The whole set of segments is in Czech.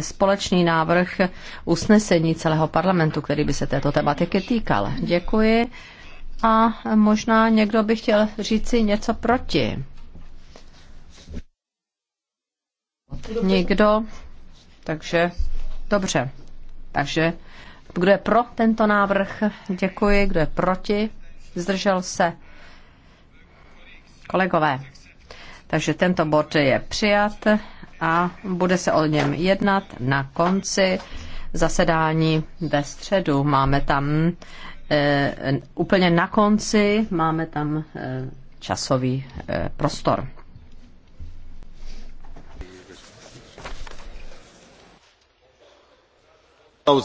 společný návrh usnesení celého parlamentu, který by se této tematiky týkal. Děkuji. A možná někdo by chtěl říci něco proti. Nikdo? Takže dobře. Takže kdo je pro tento návrh? Děkuji. Kdo je proti? Zdržel se? Kolegové. Takže tento bod je přijat a bude se o něm jednat na konci zasedání ve středu. Máme tam e, úplně na konci, máme tam e, časový e, prostor.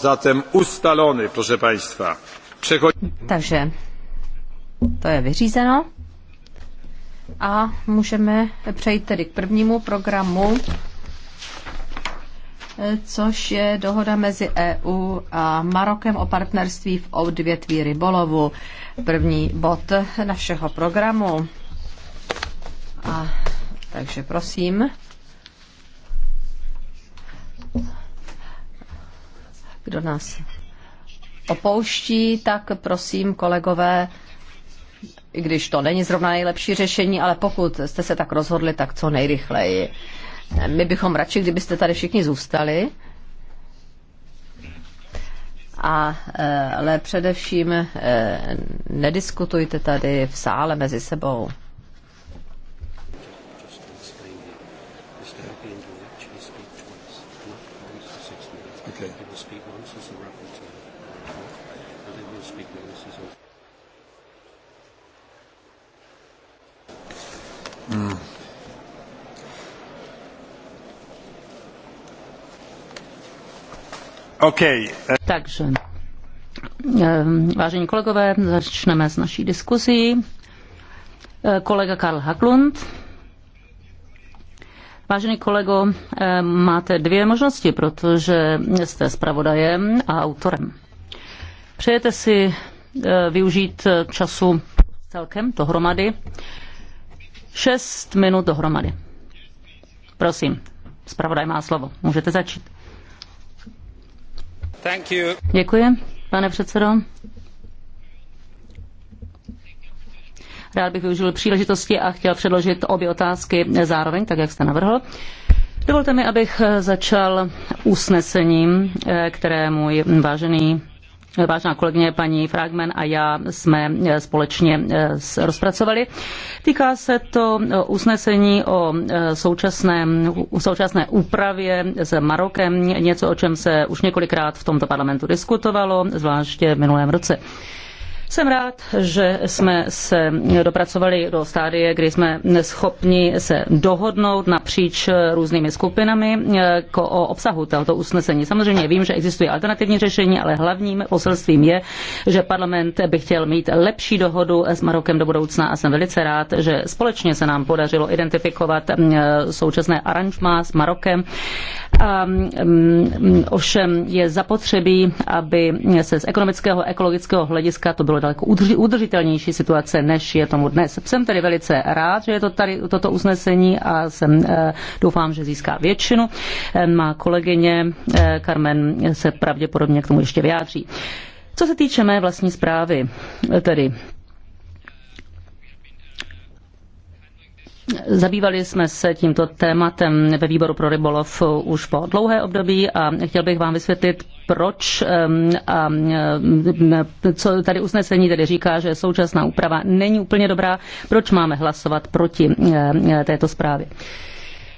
zatem ustalony, proszę Państwa. Przechodzi... Takže to je vyřízeno. A můžeme přejít tedy k prvnímu programu což je dohoda mezi EU a Marokem o partnerství v odvětví rybolovu. První bod našeho programu. A, takže prosím. Kdo nás opouští, tak prosím, kolegové, i když to není zrovna nejlepší řešení, ale pokud jste se tak rozhodli, tak co nejrychleji. My bychom radši, kdybyste tady všichni zůstali. A, eh, ale především eh, nediskutujte tady v sále mezi sebou. Mm. Takže, eh, vážení kolegové, začneme s naší diskuzí. Eh, kolega Karl Haklund. Vážený kolego, eh, máte dvě možnosti, protože jste zpravodajem a autorem. Přejete si využít času celkem dohromady? Šest minut dohromady. Prosím, zpravodaj má slovo. Můžete začít. Děkuji, pane předsedo. Rád bych využil příležitosti a chtěl předložit obě otázky zároveň, tak jak jste navrhl. Dovolte mi, abych začal usnesením, eh, které můj vážený Vážená kolegyně paní Fragmen a já jsme eh, společně eh, rozpracovali. Týká se to eh, usnesení o současné, současné úpravě s Marokem, něco, o čem se už několikrát v tomto parlamentu diskutovalo, zvláště v minulém roce. Jsem rád, že jsme se dopracovali do stádie, kdy jsme schopni se dohodnout napříč různými skupinami jako o obsahu tohoto usnesení. Samozřejmě vím, že existuje alternativní řešení, ale hlavním poselstvím je, že parlament by chtěl mít lepší dohodu s Marokem do budoucna a jsem velice rád, že společně se nám podařilo identifikovat mm, současné aranžma s Marokem. A, mm, ovšem je zapotřebí, aby se z ekonomického, ekologického hlediska to bylo daleko udržitelnější situace, než je tomu dnes. Jsem tedy velice rád, že je to tady toto usnesení a jsem, eh, doufám, že získá většinu. Eh, má kolegyně eh, Carmen se pravděpodobně k tomu ještě vyjádří. Co se týče mé vlastní zprávy, tedy Zabývali jsme se tímto tématem ve výboru pro rybolov už po dlouhé období a chtěl bych vám vysvětlit, proč a co tady usnesení tedy říká, že současná úprava není úplně dobrá, proč máme hlasovat proti této zprávě.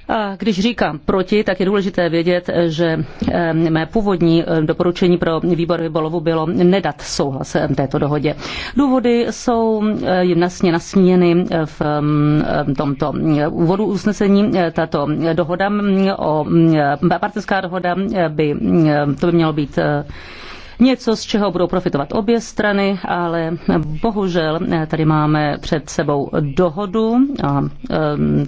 A když říkám proti, tak je důležité vědět, že eh, mé původní eh, doporučení pro výbor Rybolovu bylo nedat souhlas eh, této dohodě. Důvody jsou jasně nasměny v mm, tomto úvodu usnesení. Tato dohoda mm, o mm, partnerská dohoda by to by mělo být něco, z čeho budou profitovat obě strany, ale bohužel eh, tady máme před sebou dohodu, a eh,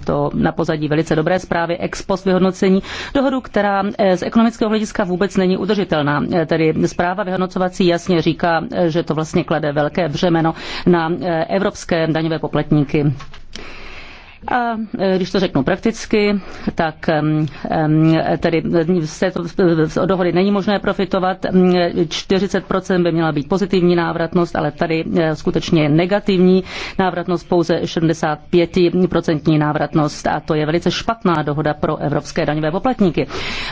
to na pozadí velice dobré zprávy, ex post vyhodnocení, dohodu, která eh, z ekonomického hlediska vůbec není udržitelná. Tedy zpráva vyhodnocovací jasně říká, že to vlastně klade velké břemeno na evropské daňové poplatníky. A e, když to řeknu prakticky, tak e, e, tedy z této dohody není možné profitovat. 40% by měla být pozitivní návratnost, ale tady skutečně negativní návratnost, pouze 65% návratnost a to je velice špatná dohoda pro evropské daňové poplatníky.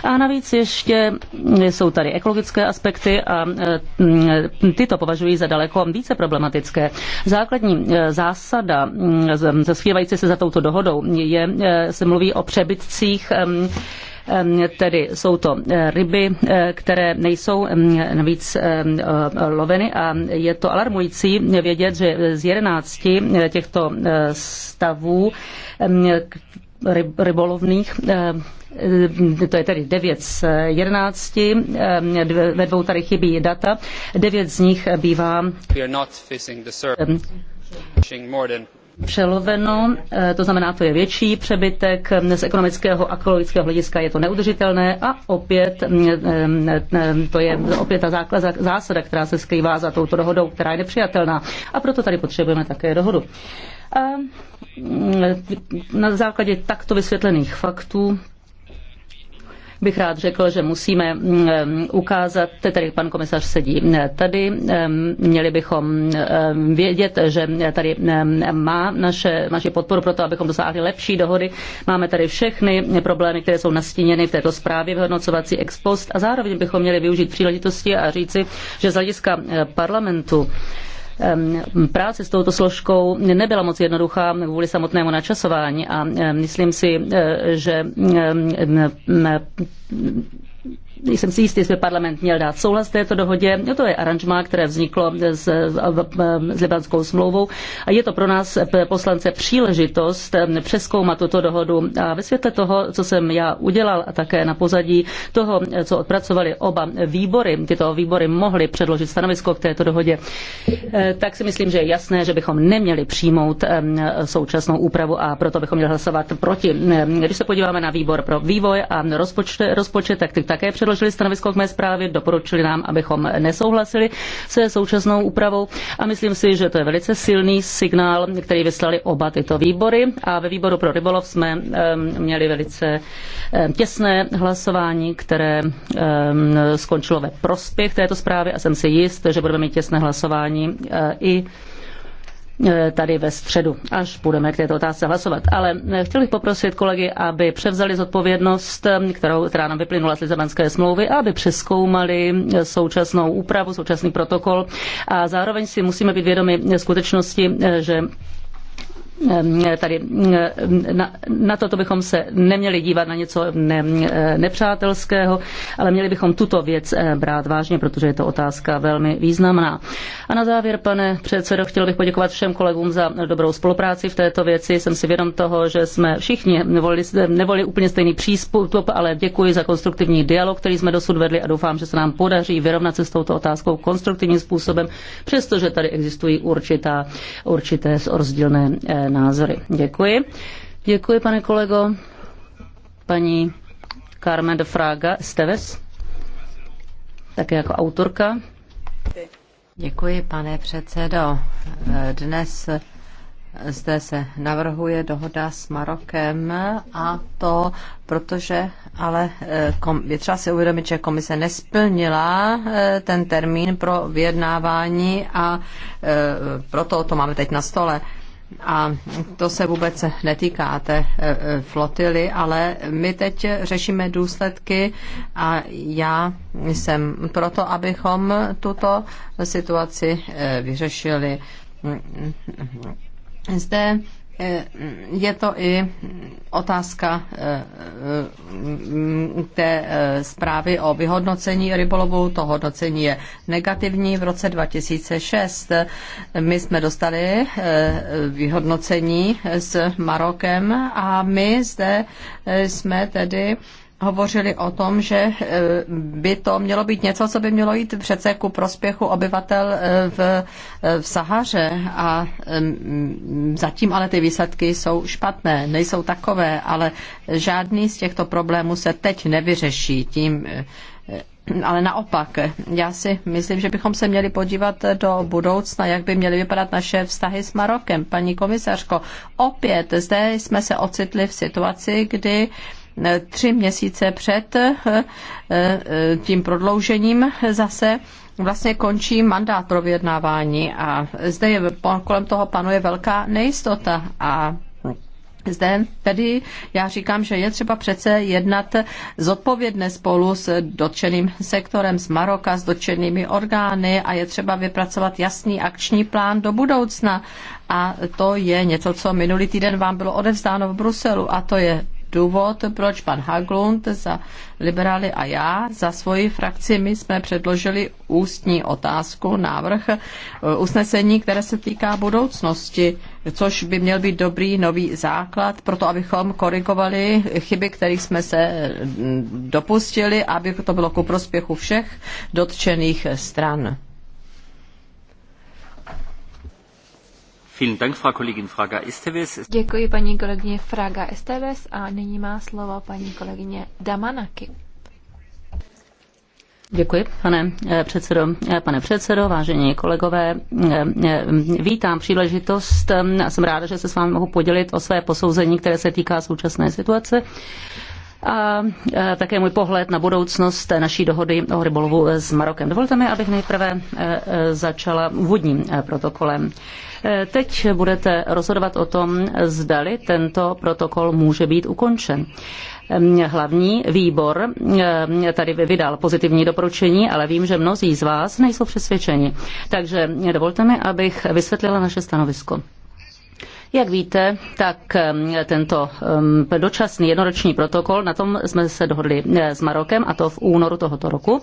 A navíc ještě jsou tady ekologické aspekty a ty to považují za daleko více problematické. Základní zásada zaschývající se za touto touto dohodou, je, eh, se mluví o přebytcích tedy jsou to eh, ryby, eh, které nejsou navíc loveny a je to alarmující vědět, že z jedenácti těchto stavů rybolovných to je tedy 9 z 11, ve dvou tady chybí data, 9 z nich bývá přeloveno, eh, to znamená, to je větší přebytek eh, z ekonomického a ekologického hlediska je to neudržitelné a opět mm, eh, to je opět ta základ, zásada, která se skrývá za touto dohodou, která je nepřijatelná a proto tady potřebujeme také dohodu. A mm, na základě takto vysvětlených faktů bych rád řekl, že musíme mm, eh, ukázat, tedy pan komisař sedí eh, tady, eh, měli bychom vědět, že tady má naše, naše podporu pro to, abychom dosáhli lepší dohody. Máme tady všechny problémy, které jsou nastíněny v této zprávě vyhodnocovací ex post a zároveň bychom měli využít příležitosti a říci, že z hlediska parlamentu práce s touto složkou nebyla moc jednoduchá kvůli samotnému načasování a myslím si, eh, že jsem si jistý, jestli parlament měl dát souhlas této dohodě. No to je aranžma, které vzniklo s, s Libanskou smlouvou a je to pro nás eh, poslance příležitost eh, přeskoumat tuto dohodu a ve světle toho, co jsem já udělal a také na pozadí toho, eh, co odpracovali oba výbory, tyto výbory mohly předložit stanovisko k této dohodě, tak si myslím, že je jasné, že bychom neměli přijmout současnou úpravu a proto bychom měli hlasovat proti. Když se podíváme na výbor pro vývoj a rozpočet, rozpočet tak ty také předložili stanovisko k mé zprávě, doporučili nám, abychom nesouhlasili se současnou úpravou a myslím si, že to je velice silný signál, který vyslali oba tyto výbory a ve výboru pro rybolov jsme měli velice těsné hlasování, které skončilo ve prospěch této zprávy a jsem si jist, že budeme mít těsné hlasování e, i Eh, tady ve středu, až budeme k této otázce hlasovat. Ale eh, chtěl bych poprosit kolegy, aby převzali zodpovědnost, eh, kterou, která nám vyplynula z Lizabanské smlouvy, a aby přeskoumali současnou úpravu, současný protokol a zároveň si musíme být vědomi skutečnosti, že Ehm, tady ehm, na, na to, to bychom se neměli dívat na něco ne, eh, nepřátelského, ale měli bychom tuto věc eh, brát vážně, protože je to otázka velmi významná. A na závěr, pane předsedo, chtěl bych poděkovat všem kolegům za dobrou spolupráci v této věci. Jsem si vědom toho, že jsme všichni nevolili, nevolili úplně stejný přístup, ale děkuji za konstruktivní dialog, který jsme dosud vedli a doufám, že se nám podaří vyrovnat se s touto otázkou konstruktivním způsobem, přestože tady existují určitá, určité rozdílné eh, názory. Děkuji. Děkuji, pane kolego. Paní Carmen de Fraga Steves. také jako autorka. Děkuji, pane předsedo. Dnes zde se navrhuje dohoda s Marokem a to, protože ale eh, je třeba si uvědomit, že komise nesplnila eh, ten termín pro vyjednávání a eh, proto to máme teď na stole. A to se vůbec netýká té e, e, flotily, ale my teď řešíme důsledky a já jsem proto, abychom tuto situaci e, vyřešili. Zde Eh, je to i otázka eh, eh, té zprávy o vyhodnocení rybolovu. To hodnocení je negativní. V roce 2006 my jsme dostali vyhodnocení s Marokem a my zde jsme tedy hovořili o tom, že eh, by to mělo být něco, co by mělo jít přece ku prospěchu obyvatel eh, v, eh, v Sahaře a mm, zatím ale ty výsledky jsou špatné, nejsou takové, ale žádný z těchto problémů se teď nevyřeší tím, ale naopak, já si myslím, že bychom se měli podívat do budoucna, jak by měly vypadat naše vztahy s Marokem. Paní komisařko, opět zde jsme se ocitli v situaci, kdy tři měsíce před eh, eh, tím prodloužením zase vlastně končí mandát pro vyjednávání a zde je, kolem toho panuje velká nejistota a zde tedy já říkám, že je třeba přece jednat zodpovědně spolu s dotčeným sektorem z Maroka, s dotčenými orgány a je třeba vypracovat jasný akční plán do budoucna. A to je něco, co minulý týden vám bylo odevzdáno v Bruselu a to je důvod, proč pan Haglund za liberály a já za svoji frakci, my jsme předložili ústní otázku, návrh eh, usnesení, které se týká budoucnosti, což by měl být dobrý nový základ pro to, abychom korigovali chyby, kterých jsme se mm, dopustili, aby to bylo ku prospěchu všech dotčených stran. Děkuji paní kolegyně Fraga Esteves a nyní má slovo paní kolegyně Damanaki. Děkuji, pane eh, předsedo. Eh, pane předsedo, vážení kolegové, eh, vítám příležitost a jsem ráda, že se s vámi mohu podělit o své posouzení, které se týká současné situace a e, také můj pohled na budoucnost naší dohody o rybolovu s Marokem. Dovolte mi, abych nejprve e, e, začala úvodním protokolem. Teď budete rozhodovat o tom, zdali tento protokol může být ukončen hlavní výbor tady vydal pozitivní doporučení, ale vím, že mnozí z vás nejsou přesvědčeni. Takže dovolte mi, abych vysvětlila naše stanovisko. Jak víte, tak um, tento um, dočasný jednoroční protokol, na tom jsme se dohodli eh, s Marokem, a to v únoru tohoto roku,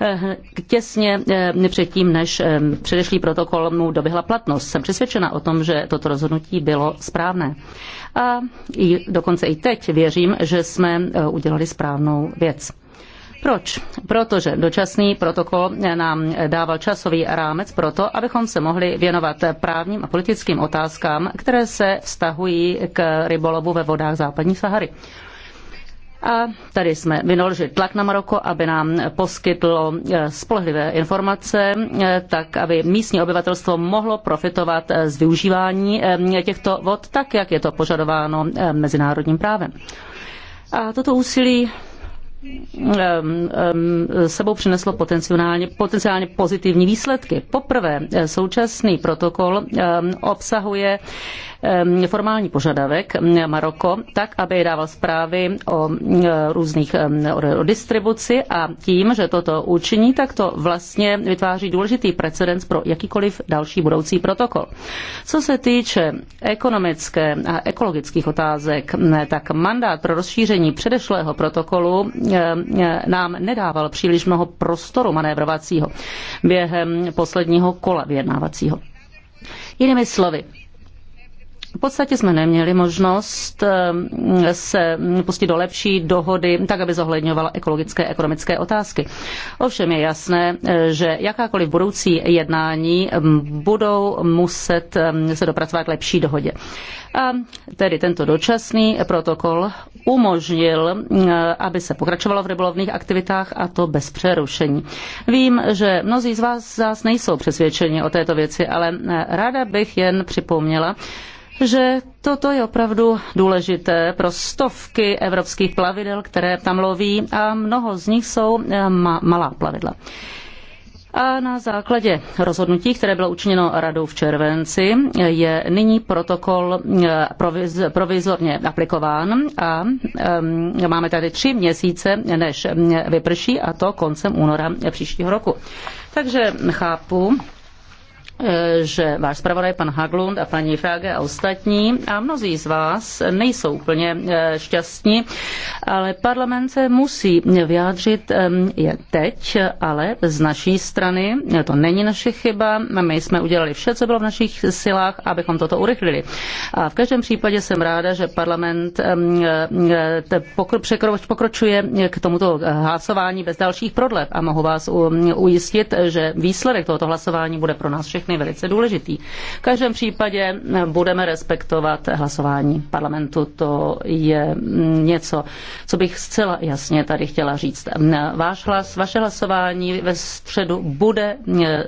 eh, těsně eh, předtím, než předešlý protokol mu doběhla platnost. Jsem přesvědčena o tom, že toto rozhodnutí bylo správné. A dokonce i teď věřím, že jsme udělali správnou věc. Proč? Protože dočasný protokol nám dával časový rámec pro to, abychom se mohli věnovat právním a politickým otázkám, které se vztahují k rybolovu ve vodách západní Sahary. A tady jsme vynaložili tlak na Maroko, aby nám poskytlo eh, spolehlivé informace, eh, tak aby místní obyvatelstvo mohlo profitovat eh, z využívání těchto vod, tak jak je to požadováno mezinárodním právem. A toto úsilí Ehm, ehm, sebou přineslo potenciálně, potenciálně pozitivní výsledky. Poprvé eh, současný protokol ehm, obsahuje formální požadavek mm, Maroko, tak, aby dával zprávy o mm, různých o distribuci a tím, že toto učiní, tak to vlastně vytváří důležitý precedens pro jakýkoliv další budoucí protokol. Co se týče ekonomické a ekologických otázek, mm, tak mandát pro rozšíření předešlého protokolu Eh, eh, nám nedával příliš mnoho prostoru manévrovacího během posledního kola vyjednávacího. Jinými slovy, v podstatě jsme neměli možnost eh, se pustit do lepší dohody, tak aby zohledňovala ekologické a ekonomické otázky. Ovšem je jasné, eh, že jakákoliv budoucí jednání mm, budou muset eh, se dopracovat k lepší dohodě. A tedy tento dočasný protokol umožnil, aby se pokračovalo v rybolovných aktivitách a to bez přerušení. Vím, že mnozí z vás zás nejsou přesvědčeni o této věci, ale ráda bych jen připomněla, že toto je opravdu důležité pro stovky evropských plavidel, které tam loví a mnoho z nich jsou eh, ma- malá plavidla. A na základě rozhodnutí, které bylo učiněno radou v červenci, je nyní protokol eh, proviz, provizorně aplikován a eh, máme tady tři měsíce, než vyprší, a to koncem února příštího roku. Takže chápu, Eh, že váš zpravodaj, pan Haglund a paní Frage a ostatní a mnozí z vás nejsou úplně eh, šťastní, ale parlament se musí vyjádřit je teď, ale z naší strany, to není naše chyba, my jsme udělali vše, co bylo v našich silách, abychom toto urychlili. A v každém případě jsem ráda, že parlament eh, pokročuje k tomuto hlasování bez dalších prodlev a mohu vás ujistit, že výsledek tohoto hlasování bude pro nás všechny všechny velice důležitý. V každém případě budeme respektovat hlasování parlamentu. To je něco, co bych zcela jasně tady chtěla říct. Váš hlas, vaše hlasování ve středu bude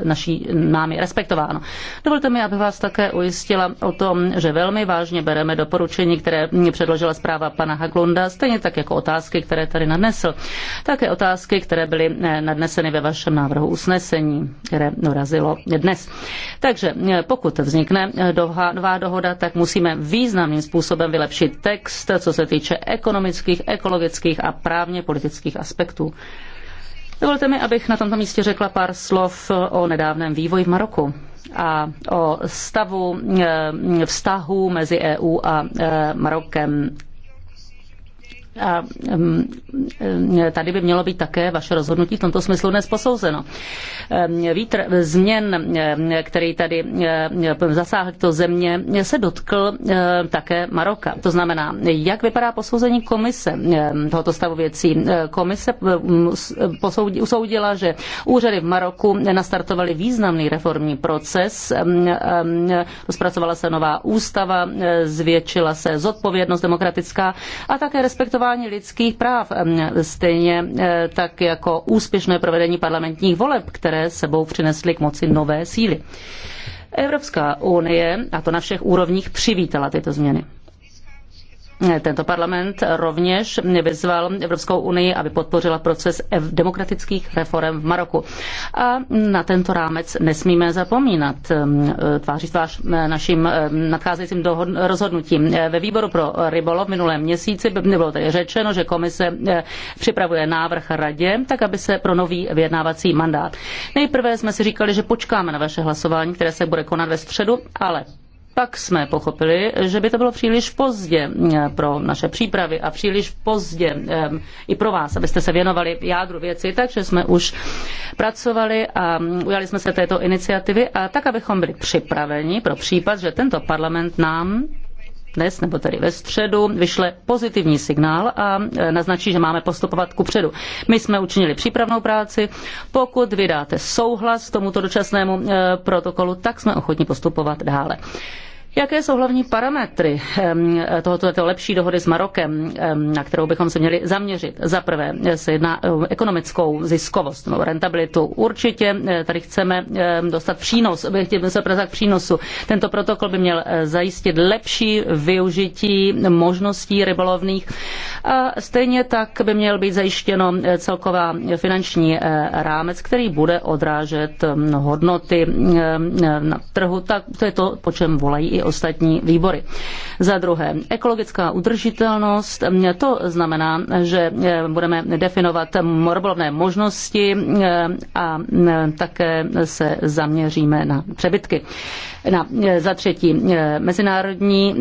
naší námi respektováno. Dovolte mi, abych vás také ujistila o tom, že velmi vážně bereme doporučení, které mě předložila zpráva pana Haglunda, stejně tak jako otázky, které tady nadnesl. Také otázky, které byly nadneseny ve vašem návrhu usnesení, které dorazilo dnes. Takže eh, pokud vznikne eh, nová dohoda, tak musíme významným způsobem vylepšit text, co se týče ekonomických, ekologických a právně politických aspektů. Dovolte mi, abych na tomto místě řekla pár slov eh, o nedávném vývoji v Maroku a o stavu vztahu mezi EU a Marokem a tady by mělo být také vaše rozhodnutí v tomto smyslu dnes posouzeno. Vítr změn, který tady zasáhl to země, se dotkl také Maroka. To znamená, jak vypadá posouzení komise tohoto stavu věcí? Komise usoudila, že úřady v Maroku nastartovaly významný reformní proces, rozpracovala se nová ústava, zvětšila se zodpovědnost demokratická a také respektovala respektování lidských práv, stejně eh, tak jako úspěšné provedení parlamentních voleb, které sebou přinesly k moci nové síly. Evropská unie, a to na všech úrovních, přivítala tyto změny. Tento parlament rovněž vyzval Evropskou unii, aby podpořila proces demokratických reform v Maroku. A na tento rámec nesmíme zapomínat um, tváří tvář eh, našim eh, nadcházejícím rozhodnutím. Eh, ve výboru pro rybolov minulém měsíci bylo tedy řečeno, že komise připravuje návrh radě, tak aby se pro nový vyjednávací mandát. Nejprve jsme si říkali, že počkáme na vaše hlasování, které se bude konat ve středu, ale pak jsme pochopili, že by to bylo příliš pozdě eh, pro naše přípravy a příliš pozdě eh, i pro vás, abyste se věnovali jádru věci, takže jsme už pracovali a ujali jsme se této iniciativy a tak, abychom byli připraveni pro případ, že tento parlament nám dnes nebo tedy ve středu vyšle pozitivní signál a e, naznačí, že máme postupovat ku předu. My jsme učinili přípravnou práci. Pokud vydáte souhlas tomuto dočasnému e, protokolu, tak jsme ochotni postupovat dále. Jaké jsou hlavní parametry tohoto lepší dohody s Marokem, na kterou bychom se měli zaměřit? Za prvé se jedná o ekonomickou ziskovost no, rentabilitu. Určitě eh, tady chceme dostat přínos, chtěli se prezat k přínosu. Tento protokol by měl eh, zajistit lepší využití možností rybolovných a stejně tak by měl být zajištěno eh, celková finanční rámec, který bude odrážet hodnoty na trhu. Tak to je to, po čem volají i ostatní výbory. Za druhé, ekologická udržitelnost, to znamená, že eh, budeme definovat morbolovné možnosti eh, a eh, také se zaměříme na přebytky. Na, za třetí, mezinárodní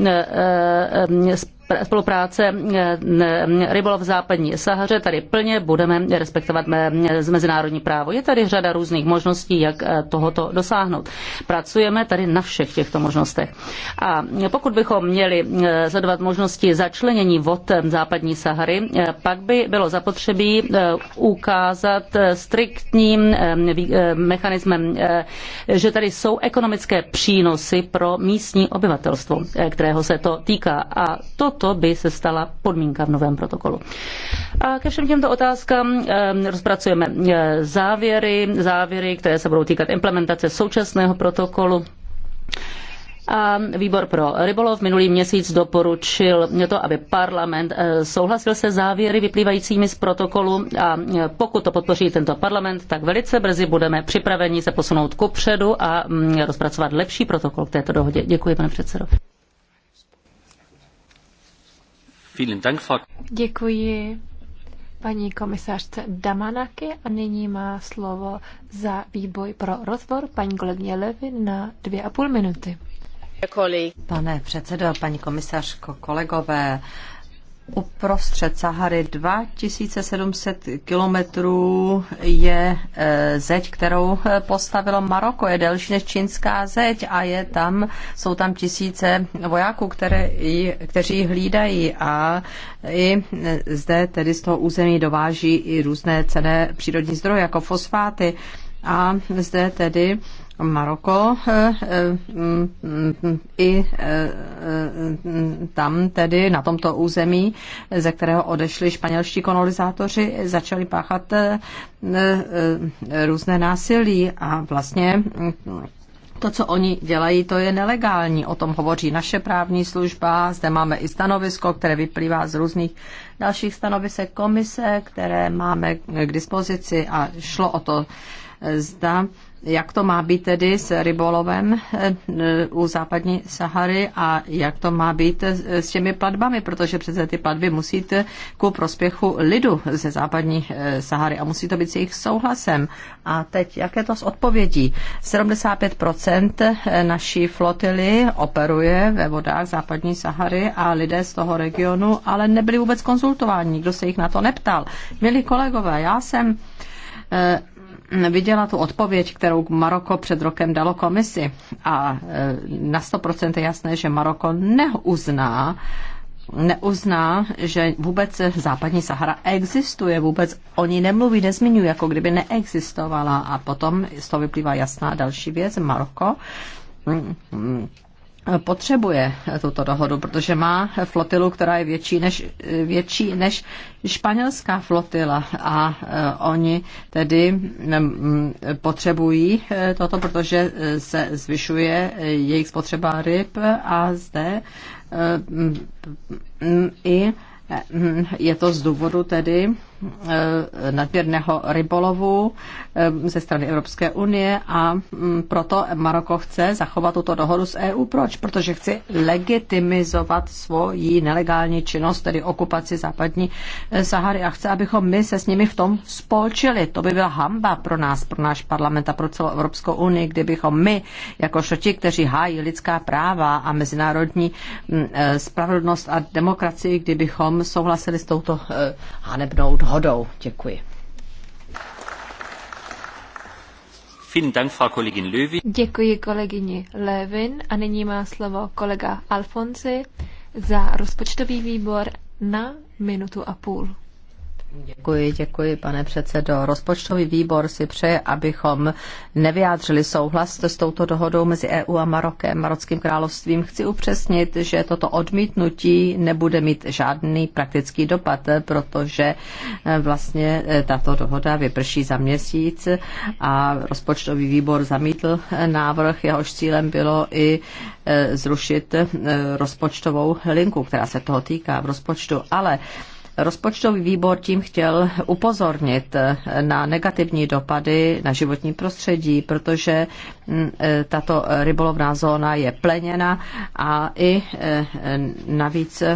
spolupráce eh, rybolov v západní Sahaře. Tady plně budeme respektovat eh, mezinárodní právo. Je tady řada různých možností, jak eh, tohoto dosáhnout. Pracujeme tady na všech těchto možnostech. A pokud bychom měli sledovat možnosti začlenění vod západní Sahary, pak by bylo zapotřebí ukázat striktním mechanismem, že tady jsou ekonomické přínosy pro místní obyvatelstvo, kterého se to týká. A toto Toto by se stala podmínka v novém protokolu. A ke všem těmto otázkám ehm, rozpracujeme eh, závěry, závěry, které se budou týkat implementace současného protokolu. A výbor pro rybolov minulý měsíc doporučil to, aby parlament eh, souhlasil se závěry vyplývajícími z protokolu a eh, pokud to podpoří tento parlament, tak velice brzy budeme připraveni se posunout kupředu a mm, rozpracovat lepší protokol k této dohodě. Děkuji, pane předsedo. Děkuji paní komisařce Damanaky a nyní má slovo za výboj pro rozbor paní kolegyně Levy na dvě a půl minuty. Pane předsedo, paní komisařko, kolegové, Uprostřed Sahary 2700 kilometrů je e, zeď, kterou e, postavilo Maroko. Je delší než čínská zeď a je tam, jsou tam tisíce vojáků, které, kteří hlídají a i e, zde tedy z toho území dováží i různé cené přírodní zdroje, jako fosfáty. A zde tedy Maroko eh, eh, i eh, tam tedy na tomto území, ze kterého odešli španělští kolonizátoři, začali páchat různé násilí a vlastně to, co oni dělají, to je nelegální. O tom hovoří naše právní služba. Zde máme i stanovisko, které vyplývá z různých dalších stanovisek komise, které máme k dispozici a šlo o to, zda jak to má být tedy s rybolovem eh, eh, u západní Sahary a jak to má být s těmi platbami, protože přece ty platby musíte eh, ku prospěchu lidu ze západní Sahary a musí to být s jejich souhlasem. A teď, jak je to s odpovědí? 75% naší flotily operuje ve vodách západní Sahary a lidé z toho regionu ale nebyli vůbec konzultováni, nikdo se jich na to neptal. Milí kolegové, já jsem viděla tu odpověď, kterou Maroko před rokem dalo komisi a e, na 100% je jasné, že Maroko neuzná neuzná, že vůbec západní Sahara existuje, vůbec oni nemluví, nezmiňují, jako kdyby neexistovala. A potom z toho vyplývá jasná další věc, Maroko potřebuje tuto dohodu, protože má flotilu, která je větší než, větší než španělská flotila a e, oni tedy potřebují e, toto, protože e, se zvyšuje jejich spotřeba ryb a zde i je to z důvodu tedy Eh, nadměrného rybolovu eh, ze strany Evropské unie a mm, proto Maroko chce zachovat tuto dohodu s EU. Proč? Protože chce legitimizovat svoji nelegální činnost, tedy okupaci západní eh, Sahary a chce, abychom my se s nimi v tom spolčili. To by byla hamba pro nás, pro náš parlament a pro celou Evropskou unii, kdybychom my, jako šoti, kteří hájí lidská práva a mezinárodní mm, spravedlnost a demokracii, kdybychom souhlasili s touto hanebnou dohodou dohodou. Děkuji. Děkuji kolegyni Levin a nyní má slovo kolega Alfonsi za rozpočtový výbor na minutu a půl. Děkuji, děkuji, pane předsedo. Rozpočtový výbor si přeje, abychom nevyjádřili souhlas s touto dohodou mezi EU a Marokem, Marockým královstvím. Chci upřesnit, že toto odmítnutí nebude mít žádný praktický dopad, protože eh, vlastně eh, tato dohoda vyprší za měsíc a rozpočtový výbor zamítl eh, návrh, jehož cílem bylo i zrušit rozpočtovou linku, která se toho týká v rozpočtu, ale Rozpočtový výbor tím chtěl upozornit na negativní dopady na životní prostředí, protože mm, e, tato rybolovná zóna je pleněna a i e, navíc e,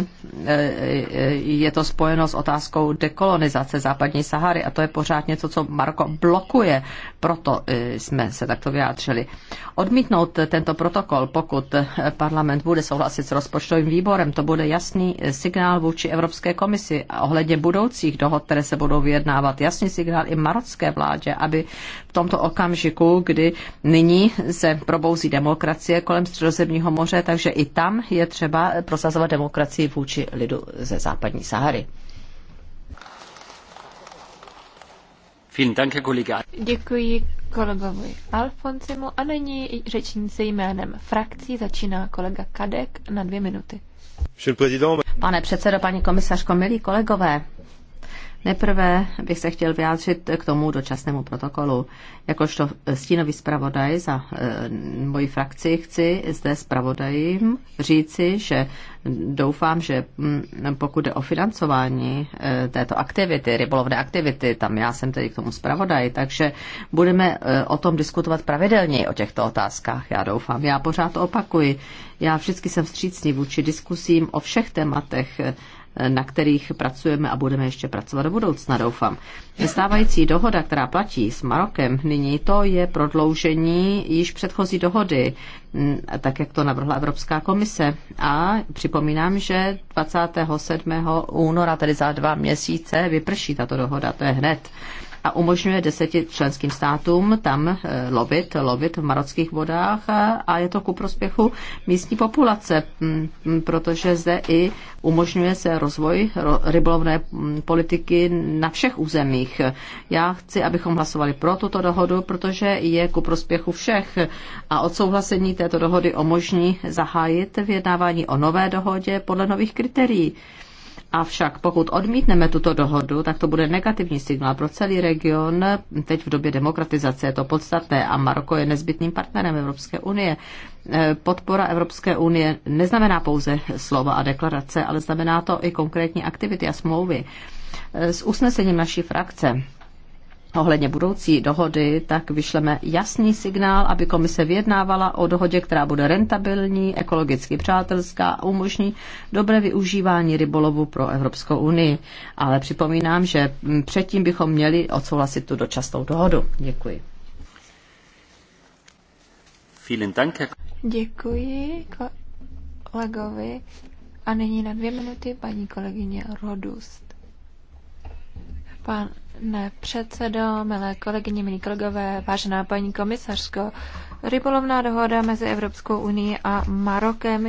je to spojeno s otázkou dekolonizace západní Sahary a to je pořád něco, co Marko blokuje, proto jsme se takto vyjádřili. Odmítnout tento protokol, pokud parlament bude souhlasit s rozpočtovým výborem, to bude jasný signál vůči Evropské komisi ohledně budoucích dohod, které se budou vyjednávat. Jasný signál i marocké vládě, aby v tomto okamžiku, kdy nyní se probouzí demokracie kolem Středozemního moře, takže i tam je třeba prosazovat demokracii vůči lidu ze západní Sahary. Děkuji kolegovi Alfonsimu a nyní řečnice jménem frakcí začíná kolega Kadek na dvě minuty. Pane předsedo, paní komisařko, milí kolegové, Nejprve bych se chtěl vyjádřit k tomu dočasnému protokolu. Jakožto stínový zpravodaj za e, moji frakci chci zde zpravodajím říci, že doufám, že mm, pokud jde o financování e, této aktivity, rybolovné aktivity, tam já jsem tedy k tomu zpravodaj, takže budeme e, o tom diskutovat pravidelně o těchto otázkách. Já doufám, já pořád opakuji, já vždycky jsem vstřícný vůči diskusím o všech tématech, eh, na kterých pracujeme a budeme ještě pracovat do budoucna, doufám. Stávající dohoda, která platí s Marokem nyní, to je prodloužení již předchozí dohody, mm, tak jak to navrhla Evropská komise. A připomínám, že 27. února, tedy za dva měsíce, vyprší tato dohoda, to je hned a umožňuje deseti členským státům tam eh, lovit, lovit v marockých vodách a je to ku prospěchu místní populace, mm, protože zde i umožňuje se rozvoj rybolovné mm, politiky na všech územích. Já chci, abychom hlasovali pro tuto dohodu, protože je ku prospěchu všech a odsouhlasení této dohody umožní zahájit vyjednávání o nové dohodě podle nových kritérií. Avšak pokud odmítneme tuto dohodu, tak to bude negativní signál pro celý region. Teď v době demokratizace je to podstatné a Maroko je nezbytným partnerem Evropské unie. E, podpora Evropské unie neznamená pouze slova a deklarace, ale znamená to i konkrétní aktivity a smlouvy. E, s usnesením naší frakce ohledně budoucí dohody, tak vyšleme jasný signál, aby komise vyjednávala o dohodě, která bude rentabilní, ekologicky přátelská a umožní dobré využívání rybolovu pro Evropskou unii. Ale připomínám, že mm, předtím bychom měli odsouhlasit tu dočasnou dohodu. Děkuji. Děkuji kolegovi. A nyní na dvě minuty paní kolegyně Rodust. Pan Pane předsedo, milé kolegyně, milí kolegové, vážená paní komisařko, rybolovná dohoda mezi Evropskou unii a Marokem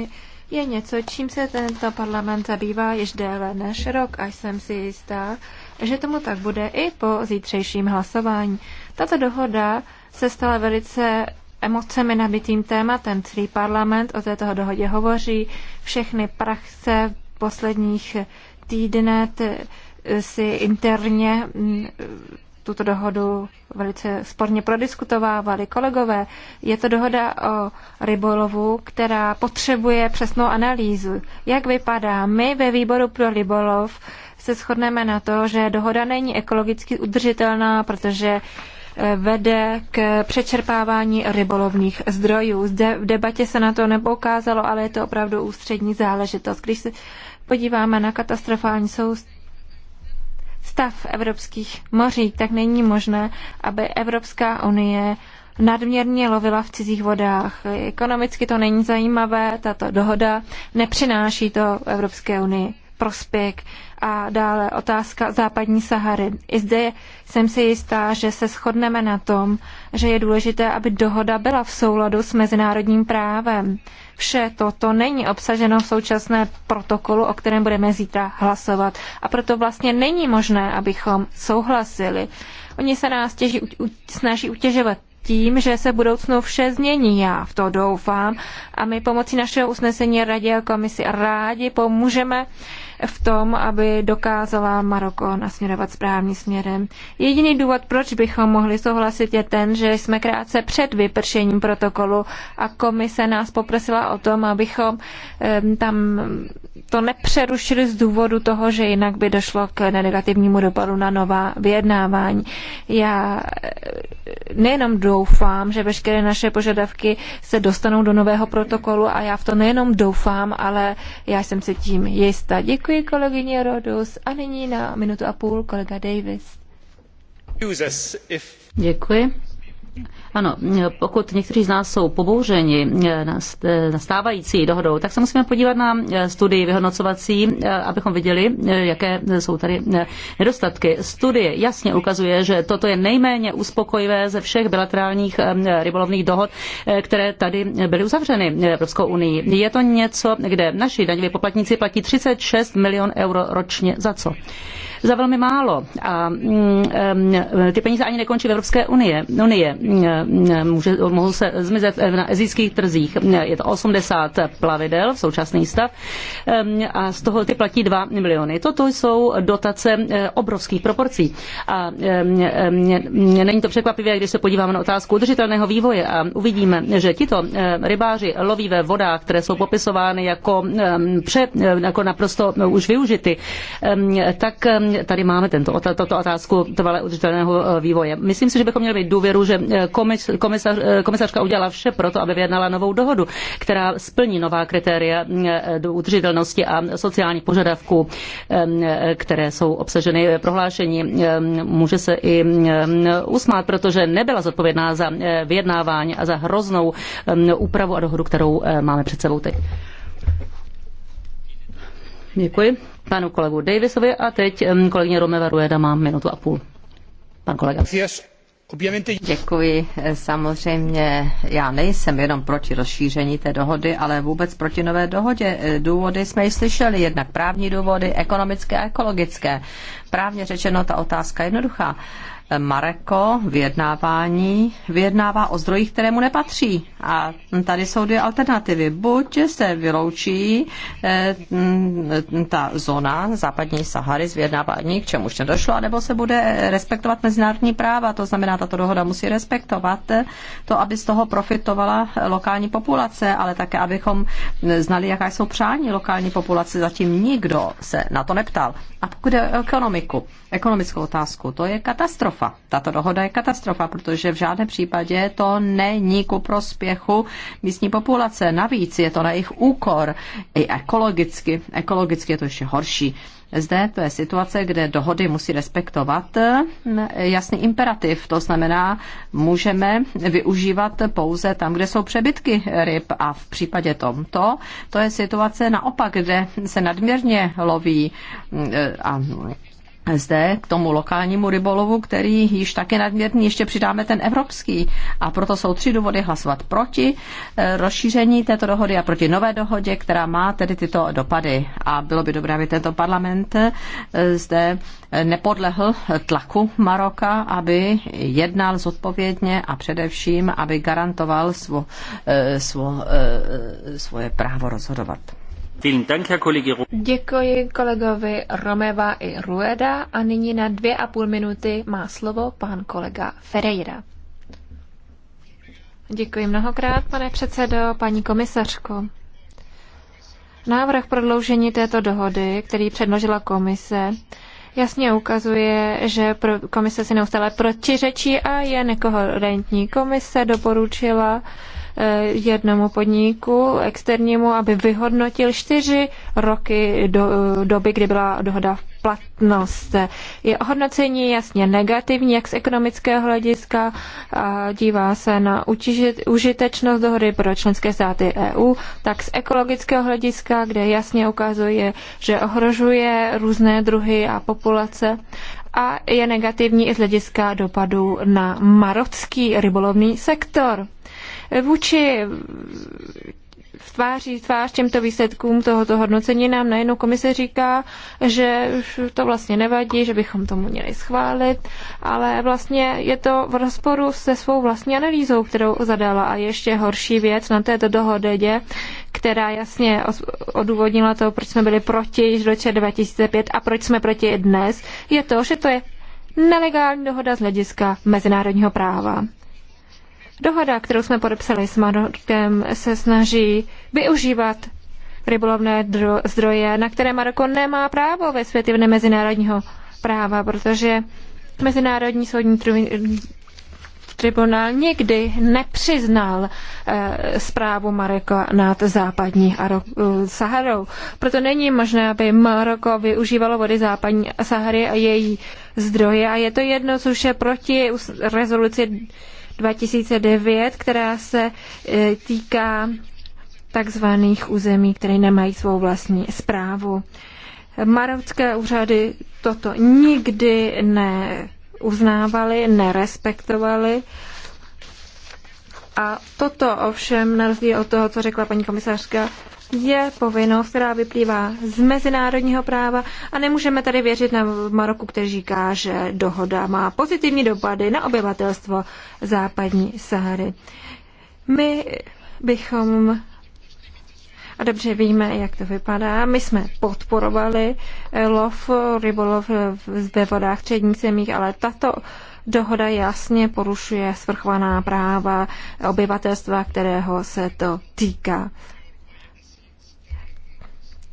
je něco, čím se tento parlament zabývá již déle než rok a jsem si jistá, že tomu tak bude i po zítřejším hlasování. Tato dohoda se stala velice emocemi nabitým tématem. Celý parlament o této dohodě hovoří. Všechny prachce v posledních týdnech si interně mm, tuto dohodu velice sporně prodiskutovávali kolegové. Je to dohoda o rybolovu, která potřebuje přesnou analýzu. Jak vypadá? My ve výboru pro rybolov se shodneme na to, že dohoda není ekologicky udržitelná, protože eh, vede k přečerpávání rybolovných zdrojů. Zde v debatě se na to nepoukázalo, ale je to opravdu ústřední záležitost. Když se podíváme na katastrofální soustředí, stav evropských moří, tak není možné, aby Evropská unie nadměrně lovila v cizích vodách. Ekonomicky to není zajímavé, tato dohoda nepřináší to Evropské unii prospěch. A dále otázka západní Sahary. I zde jsem si jistá, že se shodneme na tom, že je důležité, aby dohoda byla v souladu s mezinárodním právem. Vše toto není obsaženo v současné protokolu, o kterém budeme zítra hlasovat. A proto vlastně není možné, abychom souhlasili. Oni se nás těží, snaží utěžovat tím, že se budoucnu vše změní. Já v to doufám. A my pomocí našeho usnesení radě a komisi rádi pomůžeme v tom, aby dokázala Maroko nasměrovat správným směrem. Jediný důvod, proč bychom mohli souhlasit, je ten, že jsme krátce před vypršením protokolu a komise nás poprosila o tom, abychom tam to nepřerušili z důvodu toho, že jinak by došlo k negativnímu dopadu na nová vyjednávání. Já e, nejenom doufám, že veškeré naše požadavky se dostanou do nového protokolu a já v to nejenom doufám, ale já jsem se tím jistá. Děkuji. Děkuji kolegyně Rodus a nyní na minutu a půl kolega Davis. Děkuji. Ano, pokud někteří z nás jsou pobouřeni eh, eh, nastávající dohodou, tak se musíme podívat na eh, studii vyhodnocovací, abychom viděli, jaké jsou tady nedostatky. Studie jasně ukazuje, že toto je nejméně uspokojivé ze všech bilaterálních rybolovných dohod, které tady byly uzavřeny Evropskou unii. Je to něco, kde naši daňoví poplatníci platí 36 milion euro ročně za co? za velmi málo. A mm, ty peníze ani nekončí v Evropské unie. unie. Mm, může, mohou se zmizet na azijských trzích. Je to 80 plavidel v současný stav a z toho ty platí 2 miliony. Toto jsou dotace eh, obrovských proporcí. A není to překvapivé, když se podíváme na otázku udržitelného vývoje a uvidíme, že tito eh, rybáři loví ve vodách, které jsou popisovány jako, pře, jako naprosto už využity, tak tady, máme tento, toto otázku trvalé udržitelného e, vývoje. Myslím si, že bychom měli mít důvěru, že e, komisař, e, komisařka udělala vše pro to, aby vyjednala novou dohodu, která splní nová kritéria do udržitelnosti a sociálních požadavků, které jsou obsaženy v prohlášení. Může se i usmát, protože nebyla zodpovědná za vyjednávání a za hroznou úpravu a dohodu, kterou máme před sebou teď. Děkuji panu kolegu Davisovi a teď kolegyně Romeva Rueda má minutu a půl. Pan kolega. Děkuji. E, samozřejmě já nejsem jenom proti rozšíření té dohody, ale vůbec proti nové dohodě. E, důvody jsme ji slyšeli, jednak právní důvody, ekonomické a ekologické. Právně řečeno ta otázka je jednoduchá Mareko vyjednávání vyjednává o zdrojích, které mu nepatří. A tady jsou dvě alternativy. Buď se vyloučí eh, mm, ta zóna západní Sahary z vyjednávání, k čemuž nedošlo, anebo se bude respektovat mezinárodní práva. To znamená, tato dohoda musí respektovat to, aby z toho profitovala lokální populace, ale také, abychom znali, jaká jsou přání lokální populace. Zatím nikdo se na to neptal. A pokud je o ekonomiku, ekonomickou otázku, to je katastrofa katastrofa. Tato dohoda je katastrofa, protože v žádném případě to není ku prospěchu místní populace. Navíc je to na jejich úkor i ekologicky. Ekologicky je to ještě horší. Zde to je situace, kde dohody musí respektovat mm, jasný imperativ. To znamená, můžeme využívat pouze tam, kde jsou přebytky ryb a v případě tomto to je situace naopak, kde se nadměrně loví mm, a zde k tomu lokálnímu rybolovu, který již také nadměrný, ještě přidáme ten evropský. A proto jsou tři důvody hlasovat proti eh, rozšíření této dohody a proti nové dohodě, která má tedy tyto dopady. A bylo by dobré, aby tento parlament eh, zde eh, nepodlehl tlaku Maroka, aby jednal zodpovědně a především, aby garantoval svo, svo, svoje právo rozhodovat. Děkuji kolegovi Romeva i Rueda a nyní na dvě a půl minuty má slovo pan kolega Ferreira. Děkuji mnohokrát, pane předsedo, paní komisařko. Návrh prodloužení této dohody, který předložila komise, jasně ukazuje, že komise si neustále protiřečí a je nekoherentní. Komise doporučila Eh, jednomu podniku externímu, aby vyhodnotil čtyři roky do, eh, doby, kdy byla dohoda v platnost. Je ohodnocení jasně negativní, jak z ekonomického hlediska, a dívá se na užitečnost dohody pro členské státy EU, tak z ekologického hlediska, kde jasně ukazuje, že ohrožuje různé druhy a populace a je negativní i z hlediska dopadu na marocký rybolovný sektor vůči v tváří tvář těmto výsledkům tohoto hodnocení nám najednou komise říká, že to vlastně nevadí, že bychom to měli schválit, ale vlastně je to v rozporu se svou vlastní analýzou, kterou zadala. A ještě horší věc na této dohodě, která jasně odůvodnila to, proč jsme byli proti již do 2005 a proč jsme proti dnes, je to, že to je nelegální dohoda z hlediska mezinárodního práva. Dohoda, kterou jsme podepsali s Marokem, se snaží využívat rybolovné zdroje, na které Maroko nemá právo ve světě mezinárodního práva, protože Mezinárodní soudní tribunál nikdy nepřiznal e, zprávu Maroka nad západní Aro- eh, Saharou. Proto není možné, aby Maroko využívalo vody západní Sahary a její zdroje a je to jedno, což je proti rezoluci 2009, která se e, týká takzvaných území, které nemají svou vlastní zprávu. Marocké úřady toto nikdy neuznávali, nerespektovali. A toto ovšem, na rozdíl od toho, co řekla paní komisařka, je povinnost, která vyplývá z mezinárodního práva a nemůžeme tady věřit na Maroku, který říká, že dohoda má pozitivní dopady na obyvatelstvo západní Sahary. My bychom a dobře víme, jak to vypadá. My jsme podporovali lov, rybolov ve vodách středních zemích, ale tato dohoda jasně porušuje svrchovaná práva obyvatelstva, kterého se to týká.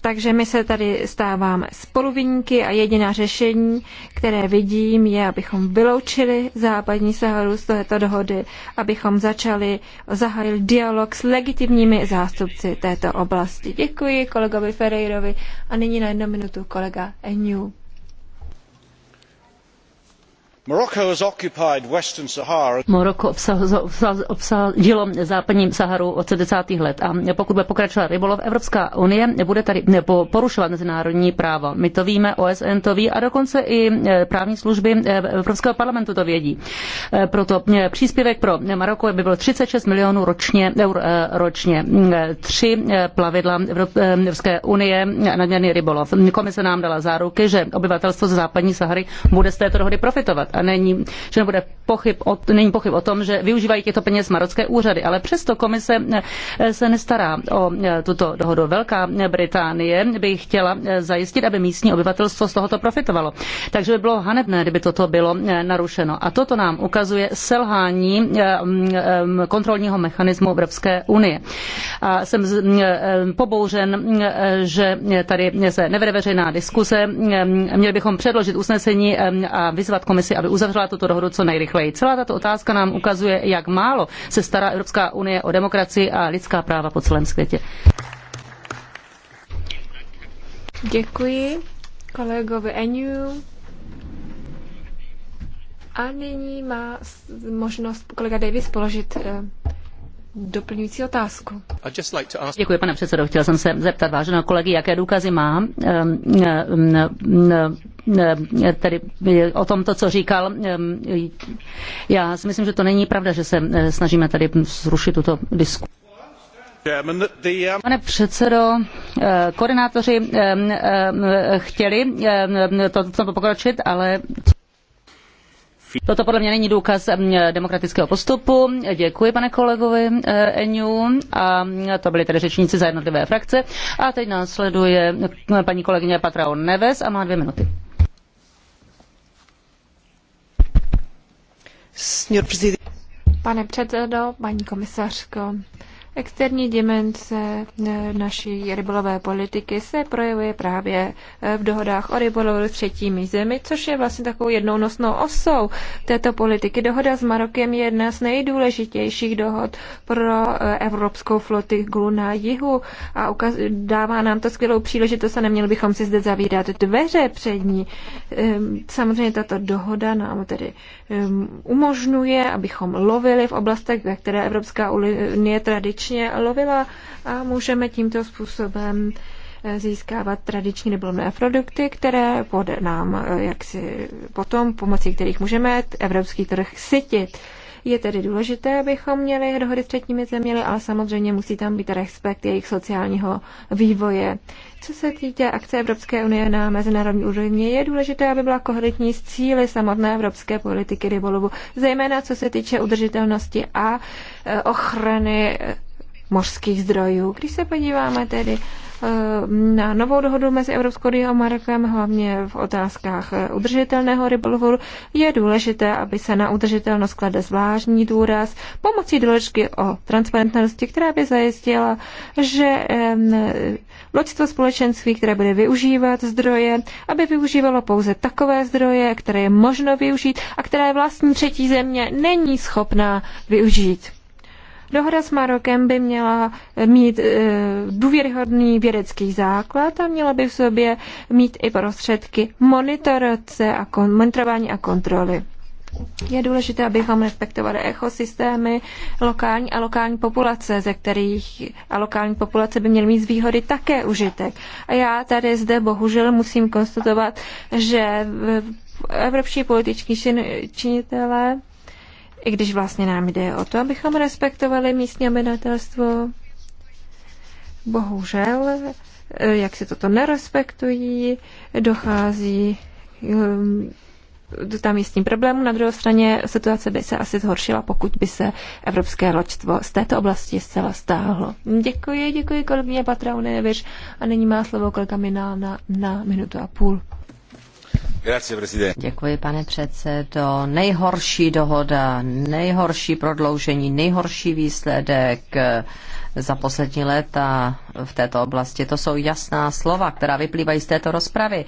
Takže my se tady stáváme spoluvinníky a jediná řešení, které vidím, je, abychom vyloučili západní Saharu z této dohody, abychom začali zahájit dialog s legitimními zástupci této oblasti. Děkuji kolegovi Ferreirovi a nyní na jednu minutu kolega Eňu. Maroko obsadilo západní Saharu od 70. let a pokud bude pokračovat rybolov, Evropská unie bude tady nebo porušovat mezinárodní právo. My to víme, OSN to ví a dokonce i e, právní služby e, Evropského parlamentu to vědí. E, proto příspěvek pro Maroko by byl 36 milionů ročně, eur ročně. Tři plavidla Evropské unie nadměrný rybolov. Komise nám dala záruky, že obyvatelstvo ze západní Sahary bude z této dohody profitovat není, že nebude pochyb o, není pochyb o tom, že využívají těchto peněz marocké úřady, ale přesto komise eh, se nestará o eh, tuto dohodu. Velká Británie by chtěla eh, zajistit, aby místní obyvatelstvo z tohoto profitovalo. Takže by bylo hanebné, kdyby toto bylo narušeno. A toto nám ukazuje selhání mm, kontrolního mechanismu Evropské unie. A jsem pobouřen, že tady se nevede veřejná diskuse. Měli bychom předložit usnesení a vyzvat komisi, aby aby uzavřela tuto dohodu co nejrychleji. Celá tato otázka nám ukazuje, jak málo se stará Evropská unie o demokracii a lidská práva po celém světě. Děkuji kolegovi Eniu. A nyní má možnost kolega Davis položit eh, doplňující otázku. Děkuji, pane předsedo. Chtěla jsem se zeptat váženého kolegy, jaké důkazy má um, um, um, tedy eh, o tom, to, co říkal. Já si myslím, že to není pravda, že se eh, snažíme tady zrušit tuto diskusi. Pane předsedo, eh, koordinátoři chtěli to, to pokročit, ale Toto podle mě není důkaz mm, demokratického postupu. Děkuji, pane kolegovi eh, Eňu. A mm, to byli tedy řečníci za jednotlivé frakce. A teď následuje mm, paní kolegyně Patrao Neves a má dvě minuty. Pane předsedo, paní komisařko, Externí dimenze eh, naší rybolové politiky se projevuje právě eh, v dohodách o rybolovu s třetími zemi, což je vlastně takovou jednounosnou osou této politiky. Dohoda s Marokem je jedna z nejdůležitějších dohod pro eh, evropskou glu na jihu a ukaz- dává nám to skvělou příležitost a neměli bychom si zde zavírat dveře přední. Ehm, samozřejmě tato dohoda nám tedy ehm, umožňuje, abychom lovili v oblastech, ve které Evropská unie tradičně tradičně lovila a můžeme tímto způsobem eh, získávat tradiční nebo produkty, které pod nám eh, jak si potom pomocí kterých můžeme evropský trh sytit. Je tedy důležité, abychom měli dohody s třetími zeměmi, ale samozřejmě musí tam být respekt jejich sociálního vývoje. Co se týče akce Evropské unie na mezinárodní úrovni, je důležité, aby byla kohletní s cíly samotné evropské politiky rybolovu, zejména co se týče udržitelnosti a eh, ochrany mořských zdrojů. Když se podíváme tedy eh, na novou dohodu mezi Evropskou a Marokem, hlavně v otázkách eh, udržitelného rybolovu, je důležité, aby se na udržitelnost klade zvláštní důraz pomocí doložky o transparentnosti, která by zajistila, že eh, loďstvo společenství, které bude využívat zdroje, aby využívalo pouze takové zdroje, které je možno využít a které vlastní třetí země není schopná využít. Dohoda s Marokem by měla eh, mít e, důvěryhodný vědecký základ a měla by v sobě mít i prostředky monitorace a kon, monitorování a kontroly. Je důležité, abychom respektovali ekosystémy lokální a lokální populace, ze kterých a lokální populace by měly mít z výhody také užitek. A já tady zde bohužel musím konstatovat, že evropští političní činitelé i když vlastně nám jde o to, abychom respektovali místní obyvatelstvo. Bohužel, eh, jak se toto nerespektují, dochází ehm, do tam místním problému. Na druhé straně situace by se asi zhoršila, pokud by se evropské loďstvo z této oblasti zcela stáhlo. Děkuji, děkuji kolegyně Patraunevič a nyní má slovo kolega Miná na, na minutu a půl. Děkuji, pane předsedo. Nejhorší dohoda, nejhorší prodloužení, nejhorší výsledek za poslední léta v této oblasti. To jsou jasná slova, která vyplývají z této rozpravy.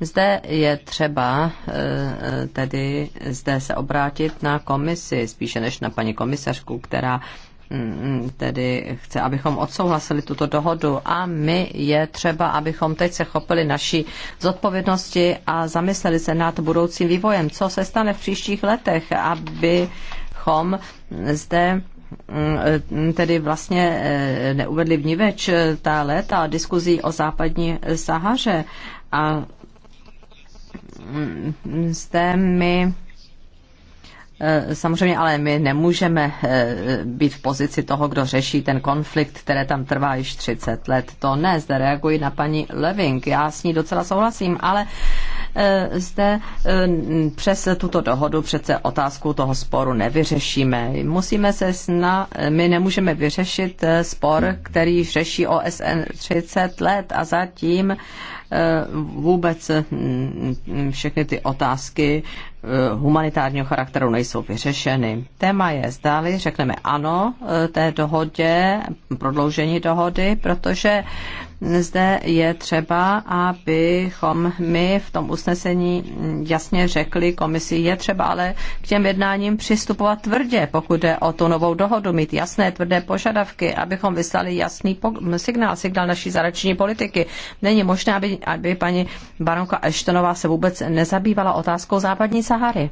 Zde je třeba eh, tedy zde se obrátit na komisi, spíše než na paní komisařku, která Mm, tedy chce, abychom odsouhlasili tuto dohodu a my je třeba, abychom teď se chopili naší zodpovědnosti a zamysleli se nad budoucím vývojem, co se stane v příštích letech, abychom zde mm, mm, tedy vlastně eh, neuvedli v niveč eh, ta léta diskuzí o západní Sahaře a zde my Eh, samozřejmě ale my nemůžeme eh, být v pozici toho, kdo řeší ten konflikt, které tam trvá již 30 let. To ne, zde reaguji na paní Leving. Já s ní docela souhlasím, ale eh, zde přes tuto dohodu přece otázku toho sporu nevyřešíme. Musíme se sna, my nemůžeme vyřešit spor, který řeší OSN 30 let a zatím vůbec mm, mm, všechny ty otázky Eh, humanitárního charakteru nejsou vyřešeny. Téma je, zdali řekneme ano eh, té dohodě, prodloužení dohody, protože zde je třeba, abychom my v tom usnesení jasně řekli komisi, je třeba ale k těm jednáním přistupovat tvrdě, pokud jde o tu novou dohodu, mít jasné tvrdé požadavky, abychom vyslali jasný signál, signál naší zahraniční politiky. Není možné, aby, aby paní baronka Eštonová se vůbec nezabývala otázkou západní Sahary.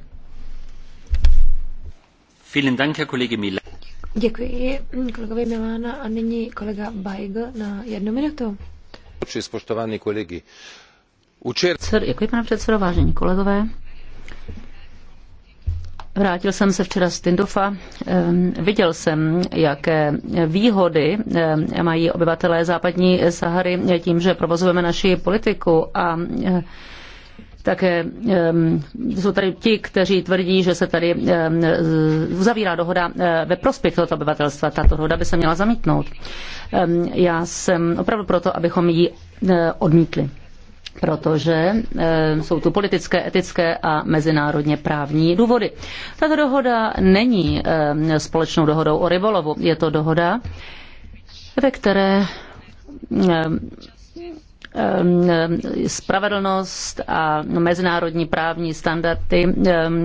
Vielen Dank, Herr Kollege Milan. Děkuji kolegovi Milána a nyní kolega Bajgl na jednu minutu. Či kolegy. Učer... Děkuji, pane předsedo, vážení kolegové. Vrátil jsem se včera z Tindufa. Ehm, viděl jsem, jaké výhody ehm, mají obyvatelé západní Sahary tím, že provozujeme naši politiku a eh, také jsou tady ti, kteří tvrdí, že se tady uzavírá dohoda eh, ve prospěch tohoto obyvatelstva. Tato dohoda by se měla zamítnout. Já jsem opravdu proto, abychom ji eh, odmítli protože jsou tu politické, etické a mezinárodně právní důvody. Tato dohoda není společnou dohodou o rybolovu, je to dohoda, ve které Um, spravedlnost a mezinárodní právní standardy um,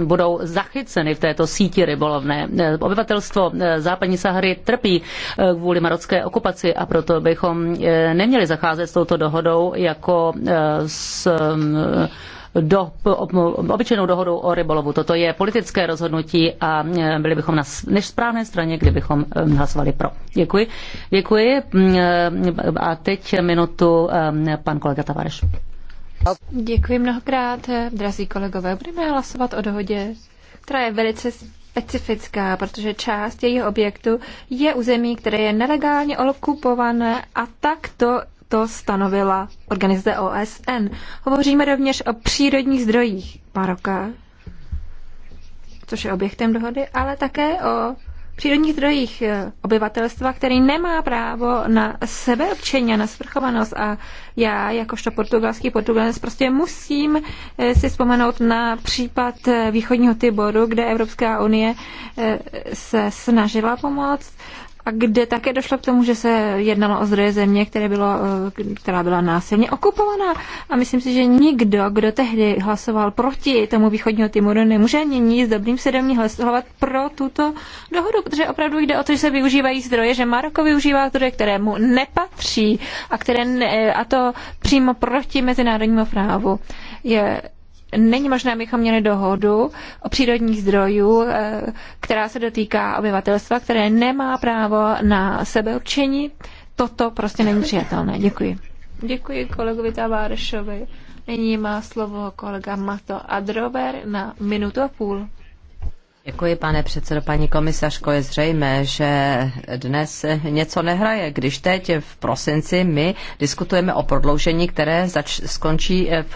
budou zachyceny v této síti rybolovné. Eh, obyvatelstvo eh, západní Sahary trpí eh, kvůli marocké okupaci a proto bychom neměli zacházet s touto dohodou jako s um, do, obyčejnou dohodou o rybolovu. Toto je politické rozhodnutí a eh, byli bychom na než správné straně, kdybychom eh, hlasovali pro. Děkuji. Děkuji. Mm, eh, a teď minutu pan kolega Tavareš. Děkuji mnohokrát, drazí kolegové. Budeme hlasovat o dohodě, která je velice specifická, protože část jejího objektu je území, které je nelegálně okupované a takto to stanovila organizace OSN. Hovoříme rovněž o přírodních zdrojích Maroka, což je objektem dohody, ale také o přírodních zdrojích eh, obyvatelstva, který nemá právo na sebeobčení a na svrchovanost. A já, jakožto portugalský portugalec, prostě musím eh, si vzpomenout na případ eh, východního Tiboru, kde Evropská unie se snažila pomoct a kde také došlo k tomu, že se jednalo o zdroje země, které bylo, eh, která byla násilně okupovaná. A myslím si, že nikdo, kdo tehdy hlasoval proti tomu východního Timoru, nemůže nyní s dobrým svědomí hlasovat pro tuto dohodu, protože opravdu jde o to, že se využívají zdroje, že Maroko využívá zdroje, které mu nepatří a, které ne, a to přímo proti mezinárodnímu právu. Je není možné, abychom měli dohodu o přírodních zdrojů, eh, která se dotýká obyvatelstva, které nemá právo na sebeurčení. Toto prostě není přijatelné. Děkuji. Děkuji kolegovi Tavárešovi. Nyní má slovo kolega Mato Adrover na minutu a půl. Děkuji, pane předsedo. Paní komisařko, je zřejmé, že dnes něco nehraje, když teď v prosinci my diskutujeme o prodloužení, které zač- skončí v,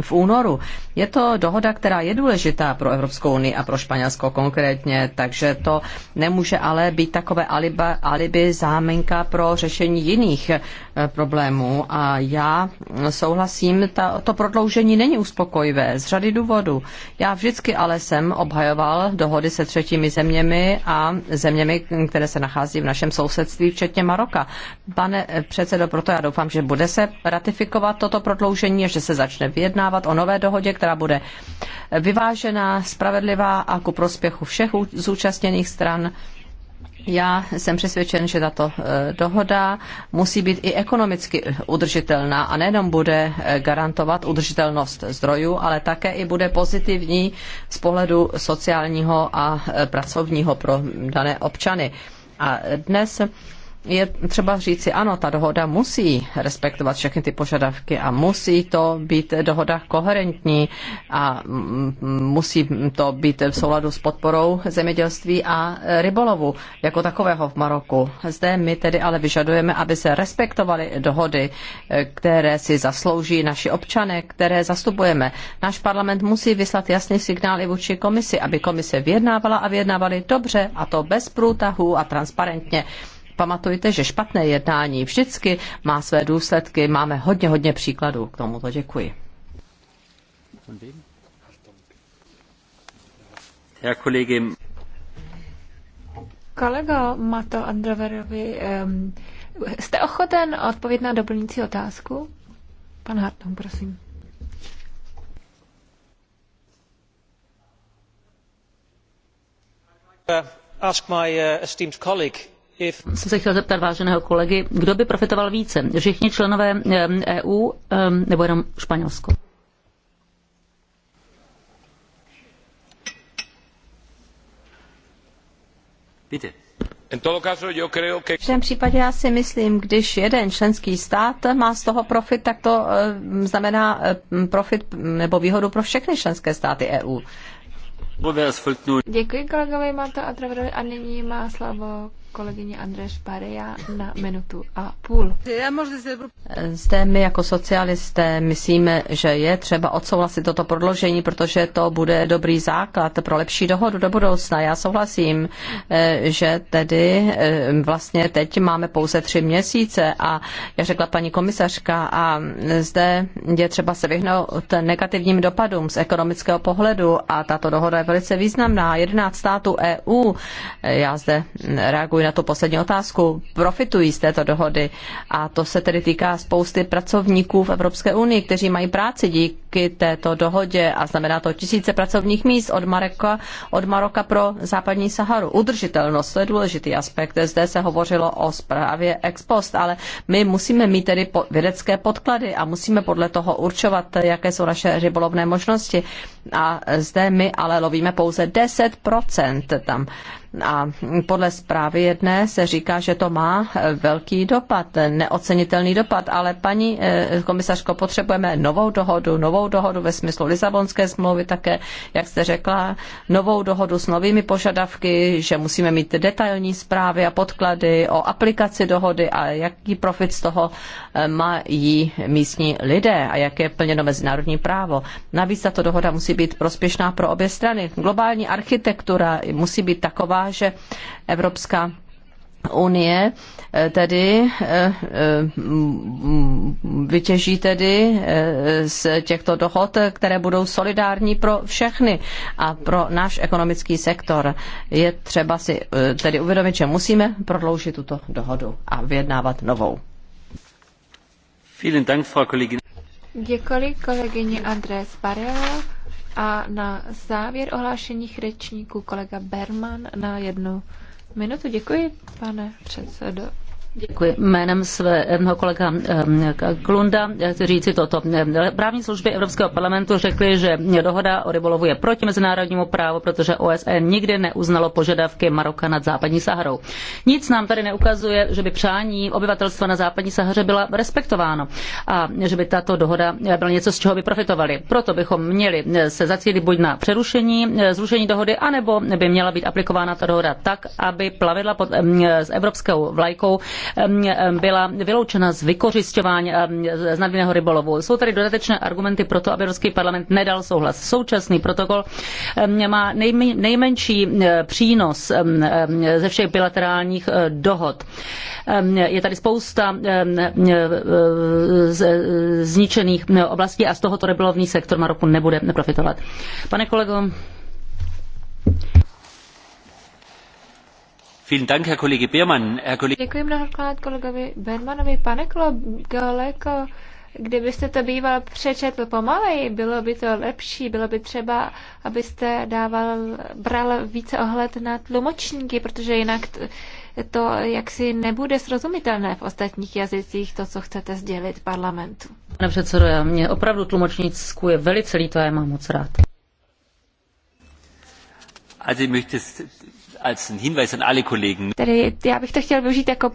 v únoru. Je to dohoda, která je důležitá pro Evropskou unii a pro Španělsko konkrétně, takže to nemůže ale být takové aliba, alibi záminka pro řešení jiných eh, problémů. A já souhlasím, ta, to prodloužení není uspokojivé z řady důvodů. Já vždycky ale jsem obhajoval dál dohody se třetími zeměmi a zeměmi, které se nachází v našem sousedství, včetně Maroka. Pane předsedo, proto já doufám, že bude se ratifikovat toto prodloužení a že se začne vyjednávat o nové dohodě, která bude vyvážená, spravedlivá a ku prospěchu všech zúčastněných stran. Já jsem přesvědčen, že tato eh, dohoda musí být i ekonomicky udržitelná a nejenom bude eh, garantovat udržitelnost zdrojů, ale také i bude pozitivní z pohledu sociálního a eh, pracovního pro dané občany. A dnes je třeba říci, ano, ta dohoda musí respektovat všechny ty požadavky a musí to být dohoda koherentní a musí to být v souladu s podporou zemědělství a rybolovu jako takového v Maroku. Zde my tedy ale vyžadujeme, aby se respektovaly dohody, které si zaslouží naši občané, které zastupujeme. Náš parlament musí vyslat jasný signál i vůči komisi, aby komise vyjednávala a vyjednávali dobře a to bez průtahů a transparentně pamatujte, že špatné jednání vždycky má své důsledky. Máme hodně, hodně příkladů k tomuto. Děkuji. Kolego Mato Androverovi, jste ochoten odpovědět na doplňující otázku? Pan Hartung, prosím. Uh, ask my uh, esteemed colleague jsem se chtěl zeptat váženého kolegy, kdo by profitoval více? Všichni členové EU e nebo jenom Španělsko? V každém případě já si myslím, když jeden členský stát má z toho profit, tak to znamená profit nebo výhodu pro všechny členské státy EU. Děkuji kolegovi Mato a a nyní má slovo kolegyně Andrés Pareja na minutu a půl. Zde my jako socialisté myslíme, že je třeba odsouhlasit toto prodloužení, protože to bude dobrý základ pro lepší dohodu do budoucna. Já souhlasím, eh, že tedy eh, vlastně teď máme pouze tři měsíce a já řekla paní komisařka a zde je třeba se vyhnout negativním dopadům z ekonomického pohledu a tato dohoda je velice významná. 11 států EU, eh, já zde reaguji na tu poslední otázku, profitují z této dohody a to se tedy týká spousty pracovníků v Evropské unii, kteří mají práci díky této dohodě a znamená to tisíce pracovních míst od Maroka, od Maroka pro západní Saharu. Udržitelnost, to je důležitý aspekt. Zde se hovořilo o zprávě ex post, ale my musíme mít tedy vědecké podklady a musíme podle toho určovat, jaké jsou naše rybolovné možnosti. A zde my ale lovíme pouze 10% tam a podle zprávy jedné se říká, že to má velký dopad, neocenitelný dopad, ale paní eh, komisařko, potřebujeme novou dohodu, novou dohodu ve smyslu Lisabonské smlouvy také, jak jste řekla, novou dohodu s novými požadavky, že musíme mít detailní zprávy a podklady o aplikaci dohody a jaký profit z toho eh, mají místní lidé a jak je plněno mezinárodní právo. Navíc tato dohoda musí být prospěšná pro obě strany. Globální architektura musí být taková, že Evropská Unie eh, tedy eh, eh, vytěží tedy z těchto dohod, které budou solidární pro všechny a pro náš ekonomický sektor. Je třeba si tedy uvědomit, že musíme prodloužit tuto dohodu a vyjednávat novou. Děkuji kolegyni Andrés Barelo. A na závěr ohlášení řečníků kolega Berman na jednu minutu. Děkuji, pane předsedo. Děkuji. Jménem svého eh, kolega eh, Klunda eh, chci říci toto. Právní služby Evropského parlamentu řekly, že dohoda o rybolovu je proti mezinárodnímu právu, protože OSN nikdy neuznalo požadavky Maroka nad západní Saharou. Nic nám tady neukazuje, že by přání obyvatelstva na západní Sahaře byla respektováno a že by tato dohoda byla něco, z čeho by profitovali. Proto bychom měli se zacílit buď na přerušení, zrušení dohody, anebo by měla být aplikována ta dohoda tak, aby plavidla pod, s evropskou vlajkou byla vyloučena z vykořišťování z nadměrného rybolovu. Jsou tady dodatečné argumenty pro to, aby Evropský parlament nedal souhlas. Současný protokol má nejmenší přínos ze všech bilaterálních eh, dohod. Je tady spousta zničených oblastí a z tohoto rybolovní sektor Maroku nebude profitovat. Pane kolego, Děkuji mnohokrát kolegovi Bermanovi. Pane Kolego, kdybyste to býval přečetl pomaleji, bylo by to lepší, bylo by třeba, abyste dával, bral více ohled na tlumočníky, protože jinak to jaksi nebude srozumitelné v ostatních jazycích, to, co chcete sdělit parlamentu. Pane předsedo, já mě opravdu tlumočnícku je velice líto a já mám moc rád. Also ich möchte Tedy já bych to chtěl využít jako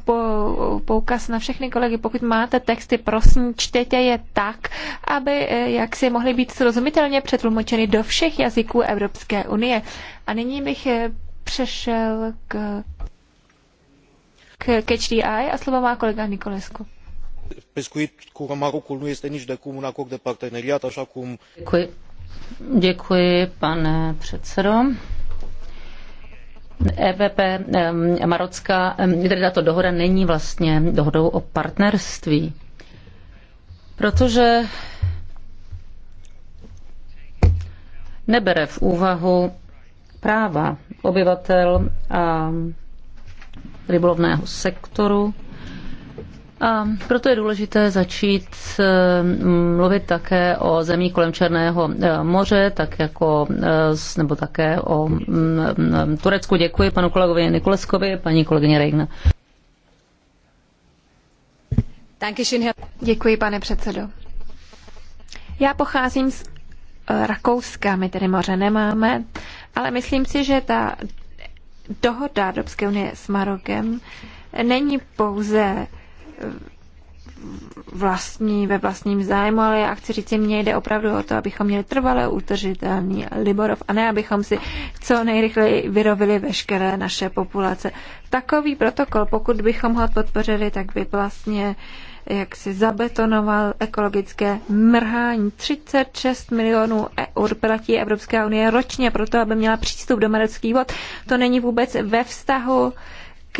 poukaz na všechny kolegy. Pokud máte texty, prosím, čtěte je tak, aby eh, jak si mohly být srozumitelně přetlumočeny do všech jazyků Evropské unie. A nyní bych eh, přešel k, k, the Eye a slovo má kolega Nikolesku pescuit cu marocul nu este nici de cum un acord de parteneriat, așa cum... Děkuji. Děkuji, pane předsedo. EVP Marocka, tedy tato dohoda není vlastně dohodou o partnerství, protože nebere v úvahu práva obyvatel a rybolovného sektoru a proto je důležité začít eh, mluvit také o zemí kolem Černého eh, moře, tak jako, eh, nebo také o mm, mm, Turecku. Děkuji panu kolegovi Nikoleskovi, paní kolegyně Reigna. Děkuji, pane předsedo. Já pocházím z Rakouska, my tedy moře nemáme, ale myslím si, že ta dohoda Evropské unie s Marokem není pouze vlastní, ve vlastním zájmu, ale já chci říct, mně jde opravdu o to, abychom měli trvalé utržitelný Liborov a ne, abychom si co nejrychleji vyrovili veškeré naše populace. Takový protokol, pokud bychom ho podpořili, tak by vlastně jak si zabetonoval ekologické mrhání. 36 milionů eur platí Evropská unie ročně proto, aby měla přístup do mereckých vod. To není vůbec ve vztahu k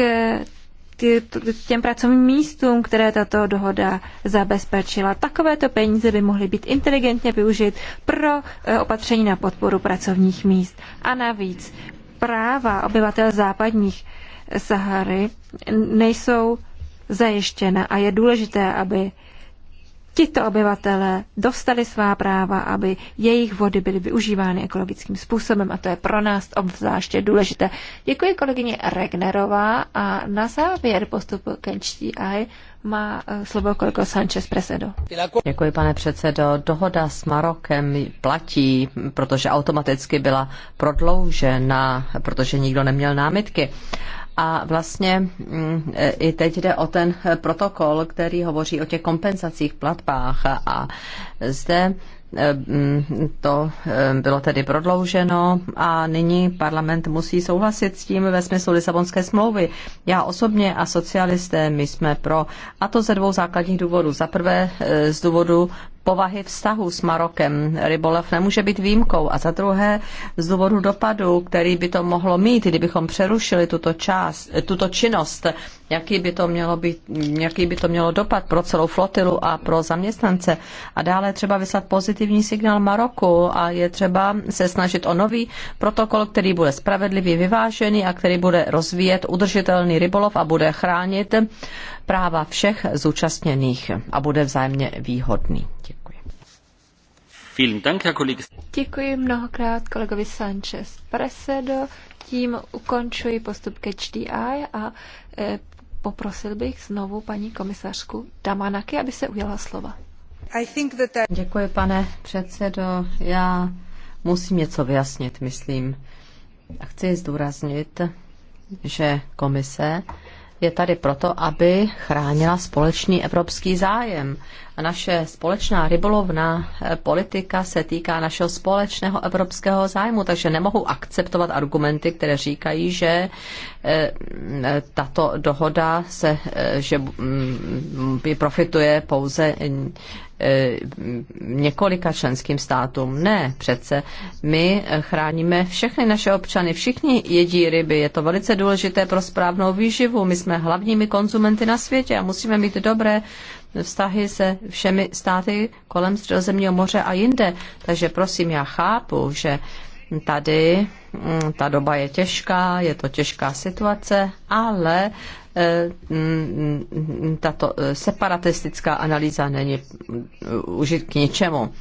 těm pracovním místům, které tato dohoda zabezpečila. Takovéto peníze by mohly být inteligentně využit pro eh, opatření na podporu pracovních míst. A navíc práva obyvatel západních eh, Sahary nejsou zajištěna a je důležité, aby tito obyvatelé dostali svá práva, aby jejich vody byly využívány ekologickým způsobem a to je pro nás obzvláště důležité. Děkuji kolegyně Regnerová a na závěr postupu Aj má eh, slovo kolego Sanchez Presedo. Děkuji, pane předsedo. Dohoda s Marokem platí, protože automaticky byla prodloužena, protože nikdo neměl námitky. A vlastně mm, e, i teď jde o ten e, protokol, který hovoří o těch kompenzacích platbách. A zde e, mm, to bylo tedy prodlouženo a nyní parlament musí souhlasit s tím ve smyslu Lisabonské smlouvy. Já osobně a socialisté, my jsme pro. A to ze dvou základních důvodů. Za prvé z důvodu povahy vztahu s Marokem. Rybolov nemůže být výjimkou. A za druhé, z důvodu dopadu, který by to mohlo mít, kdybychom přerušili tuto, část, tuto činnost, jaký by, to mělo být, jaký by to mělo dopad pro celou flotilu a pro zaměstnance. A dále třeba vyslat pozitivní signál Maroku a je třeba se snažit o nový protokol, který bude spravedlivý, vyvážený a který bude rozvíjet udržitelný rybolov a bude chránit práva všech zúčastněných a bude vzájemně výhodný. Děkuji. Děkuji mnohokrát kolegovi Sanchez Presedo. Tím ukončuji postup ke HDI a e, poprosil bych znovu paní komisařku Damanaki, aby se ujala slova. That... Děkuji, pane předsedo. Já musím něco vyjasnit, myslím. A chci zdůraznit, že komise je tady proto, aby chránila společný evropský zájem naše společná rybolovná eh, politika se týká našeho společného evropského zájmu, takže nemohu akceptovat argumenty, které říkají, že eh, eh, tato dohoda se, že mm, profituje pouze několika členským státům. Ne, přece my chráníme všechny naše občany, všichni jedí ryby, je to velice důležité pro správnou výživu, my jsme hlavními konzumenty na světě a musíme mít dobré vztahy se všemi státy kolem Středozemního moře a jinde. Takže prosím, já chápu, že tady mm, ta doba je těžká, je to těžká situace, ale eh, mm, mm, tato eh, separatistická analýza není k ničemu.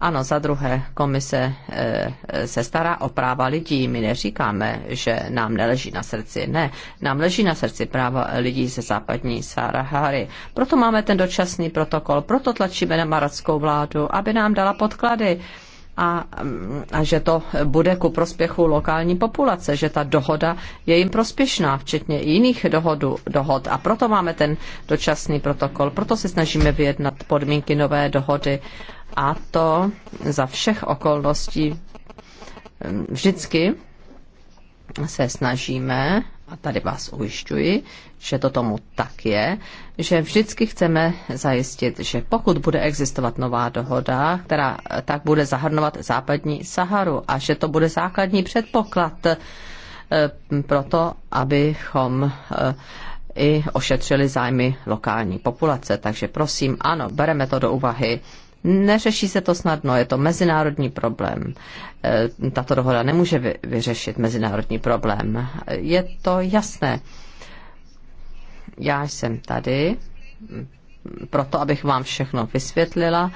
Ano, za druhé, komise eh, se stará o práva lidí. My neříkáme, že nám neleží na srdci. Ne, nám leží na srdci práva lidí ze západní Sahary. Proto máme ten dočasný protokol, proto tlačíme na marockou vládu, aby nám dala podklady a, a že to bude ku prospěchu lokální populace, že ta dohoda je jim prospěšná, včetně jiných dohodu, dohod. A proto máme ten dočasný protokol, proto se snažíme vyjednat podmínky nové dohody a to za všech okolností vždycky se snažíme, a tady vás ujišťuji, že to tomu tak je, že vždycky chceme zajistit, že pokud bude existovat nová dohoda, která tak bude zahrnovat západní Saharu a že to bude základní předpoklad eh, pro to, abychom eh, i ošetřili zájmy lokální populace. Takže prosím, ano, bereme to do úvahy Neřeší se to snadno, je to mezinárodní problém. E, tato dohoda nemůže vyřešit mezinárodní problém. Je to jasné. Já jsem tady proto, abych vám všechno vysvětlila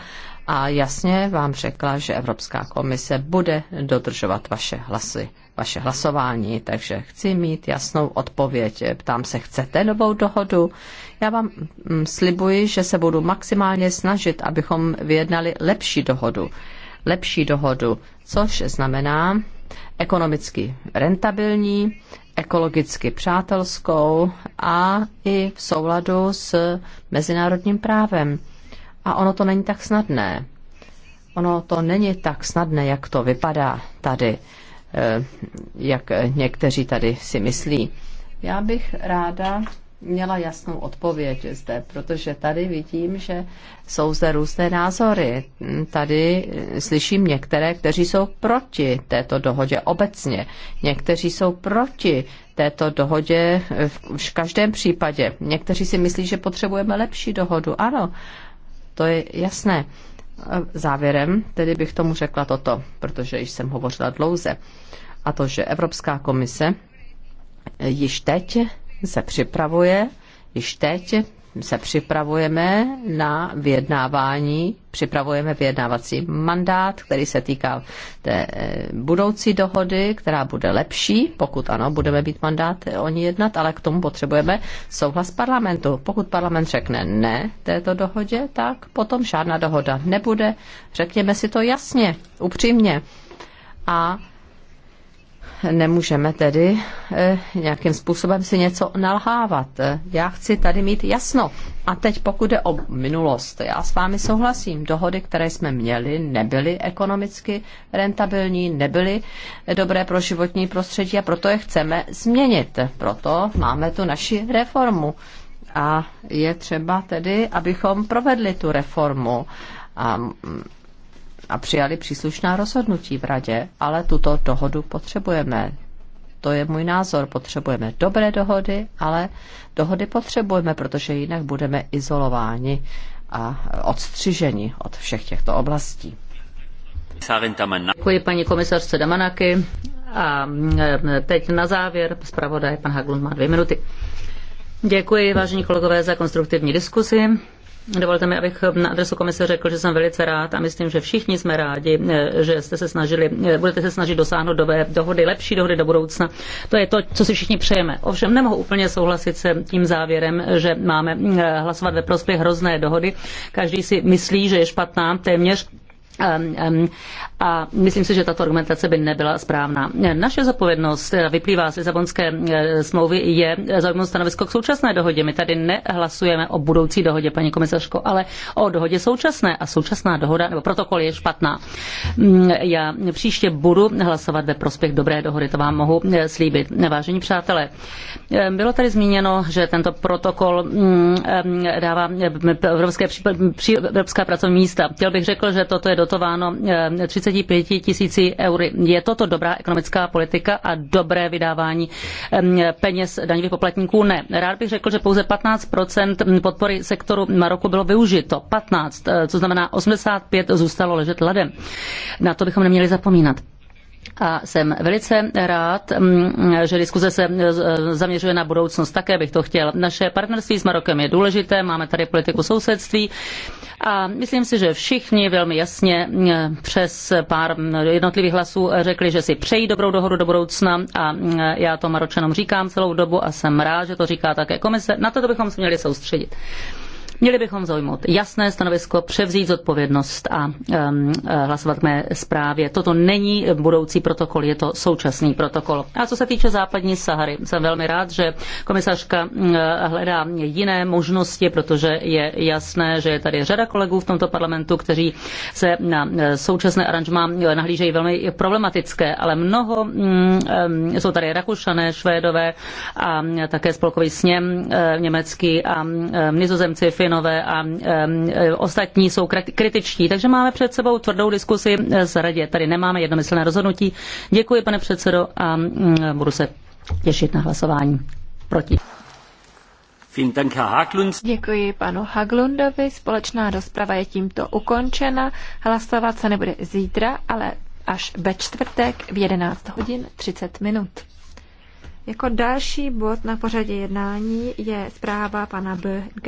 a jasně vám řekla, že Evropská komise bude dodržovat vaše hlasy, vaše hlasování, takže chci mít jasnou odpověď. Ptám se, chcete novou dohodu? Já vám mm, slibuji, že se budu maximálně snažit, abychom vyjednali lepší dohodu. Lepší dohodu, což znamená ekonomicky rentabilní, ekologicky přátelskou a i v souladu s mezinárodním právem. A ono to není tak snadné. Ono to není tak snadné, jak to vypadá tady, eh, jak někteří tady si myslí. Já bych ráda měla jasnou odpověď zde, protože tady vidím, že jsou zde různé názory. Tady slyším některé, kteří jsou proti této dohodě obecně. Někteří jsou proti této dohodě v každém případě. Někteří si myslí, že potřebujeme lepší dohodu. Ano, to je jasné. Závěrem tedy bych tomu řekla toto, protože již jsem hovořila dlouze, a to, že Evropská komise již teď se připravuje, již teď se připravujeme na vyjednávání, připravujeme vyjednávací mandát, který se týká té eh, budoucí dohody, která bude lepší, pokud ano, budeme být mandát o ní jednat, ale k tomu potřebujeme souhlas parlamentu. Pokud parlament řekne ne této dohodě, tak potom žádná dohoda nebude. Řekněme si to jasně, upřímně. A nemůžeme tedy eh, nějakým způsobem si něco nalhávat. Já chci tady mít jasno. A teď pokud jde o minulost, já s vámi souhlasím. Dohody, které jsme měli, nebyly ekonomicky rentabilní, nebyly dobré pro životní prostředí a proto je chceme změnit. Proto máme tu naši reformu. A je třeba tedy, abychom provedli tu reformu. A mm, a přijali příslušná rozhodnutí v radě, ale tuto dohodu potřebujeme. To je můj názor. Potřebujeme dobré dohody, ale dohody potřebujeme, protože jinak budeme izolováni a odstřiženi od všech těchto oblastí. Děkuji paní komisařce Damanaky. A e, teď na závěr zpravodaj pan Haglund má dvě minuty. Děkuji, vážení kolegové, za konstruktivní diskusi. Dovolte mi, abych na adresu komise řekl, že jsem velice rád a myslím, že všichni jsme rádi, eh, že jste se snažili, eh, budete se snažit dosáhnout dové dohody, lepší dohody do budoucna. To je to, co si všichni přejeme. Ovšem nemohu úplně souhlasit se tím závěrem, že máme eh, hlasovat ve prospěch hrozné dohody. Každý si myslí, že je špatná téměř a myslím si, že tato argumentace by nebyla správná. Naše zapovědnost eh, vyplývá z Lisabonské eh, smlouvy je zaujímavé stanovisko k současné dohodě. My tady nehlasujeme o budoucí dohodě, paní komisařko, ale o dohodě současné a současná dohoda nebo protokol je špatná. Mm, já příště budu hlasovat ve prospěch dobré dohody, to vám mohu eh, slíbit. Vážení přátelé, bylo tady zmíněno, že tento protokol mm, dává evropské, evropská pracovní místa. Chtěl bych řekl, že toto je do dotováno 35 eh, tisíci eury. Je toto dobrá ekonomická politika a dobré vydávání ehm, peněz daňových poplatníků? Ne. Rád bych řekl, že pouze 15 podpory sektoru Maroku bylo využito. 15, eh, co znamená 85 zůstalo ležet ladem. Na to bychom neměli zapomínat. A jsem velice rád, mm, že diskuze se e, zaměřuje na budoucnost. Také bych to chtěl. Naše partnerství s Marokem je důležité, máme tady politiku sousedství a myslím si, že všichni velmi jasně e, přes pár jednotlivých hlasů řekli, že si přejí dobrou dohodu do budoucna a e, já to Maročanům říkám celou dobu a jsem rád, že to říká také komise. Na to bychom se měli soustředit. Měli bychom zaujmout jasné stanovisko, převzít zodpovědnost a um, hlasovat k mé zprávě. Toto není budoucí protokol, je to současný protokol. A co se týče západní Sahary, jsem velmi rád, že komisařka hledá jiné možnosti, protože je jasné, že je tady řada kolegů v tomto parlamentu, kteří se na eh, současné aranžma nahlížejí velmi problematické, ale mnoho jsou tady Rakušané, Švédové a také spolkový sněm eh, německý a nizozemci, Dublinové a ostatní jsou kritičtí. Takže máme před sebou tvrdou diskusi s radě. Tady nemáme jednomyslné rozhodnutí. Děkuji, pane předsedo, a budu se těšit na hlasování proti. Děkuji panu Haglundovi. Společná rozprava je tímto ukončena. Hlasovat se nebude zítra, ale až ve čtvrtek v 11 hodin 30 minut. Jako další bod na pořadě jednání je zpráva pana Böge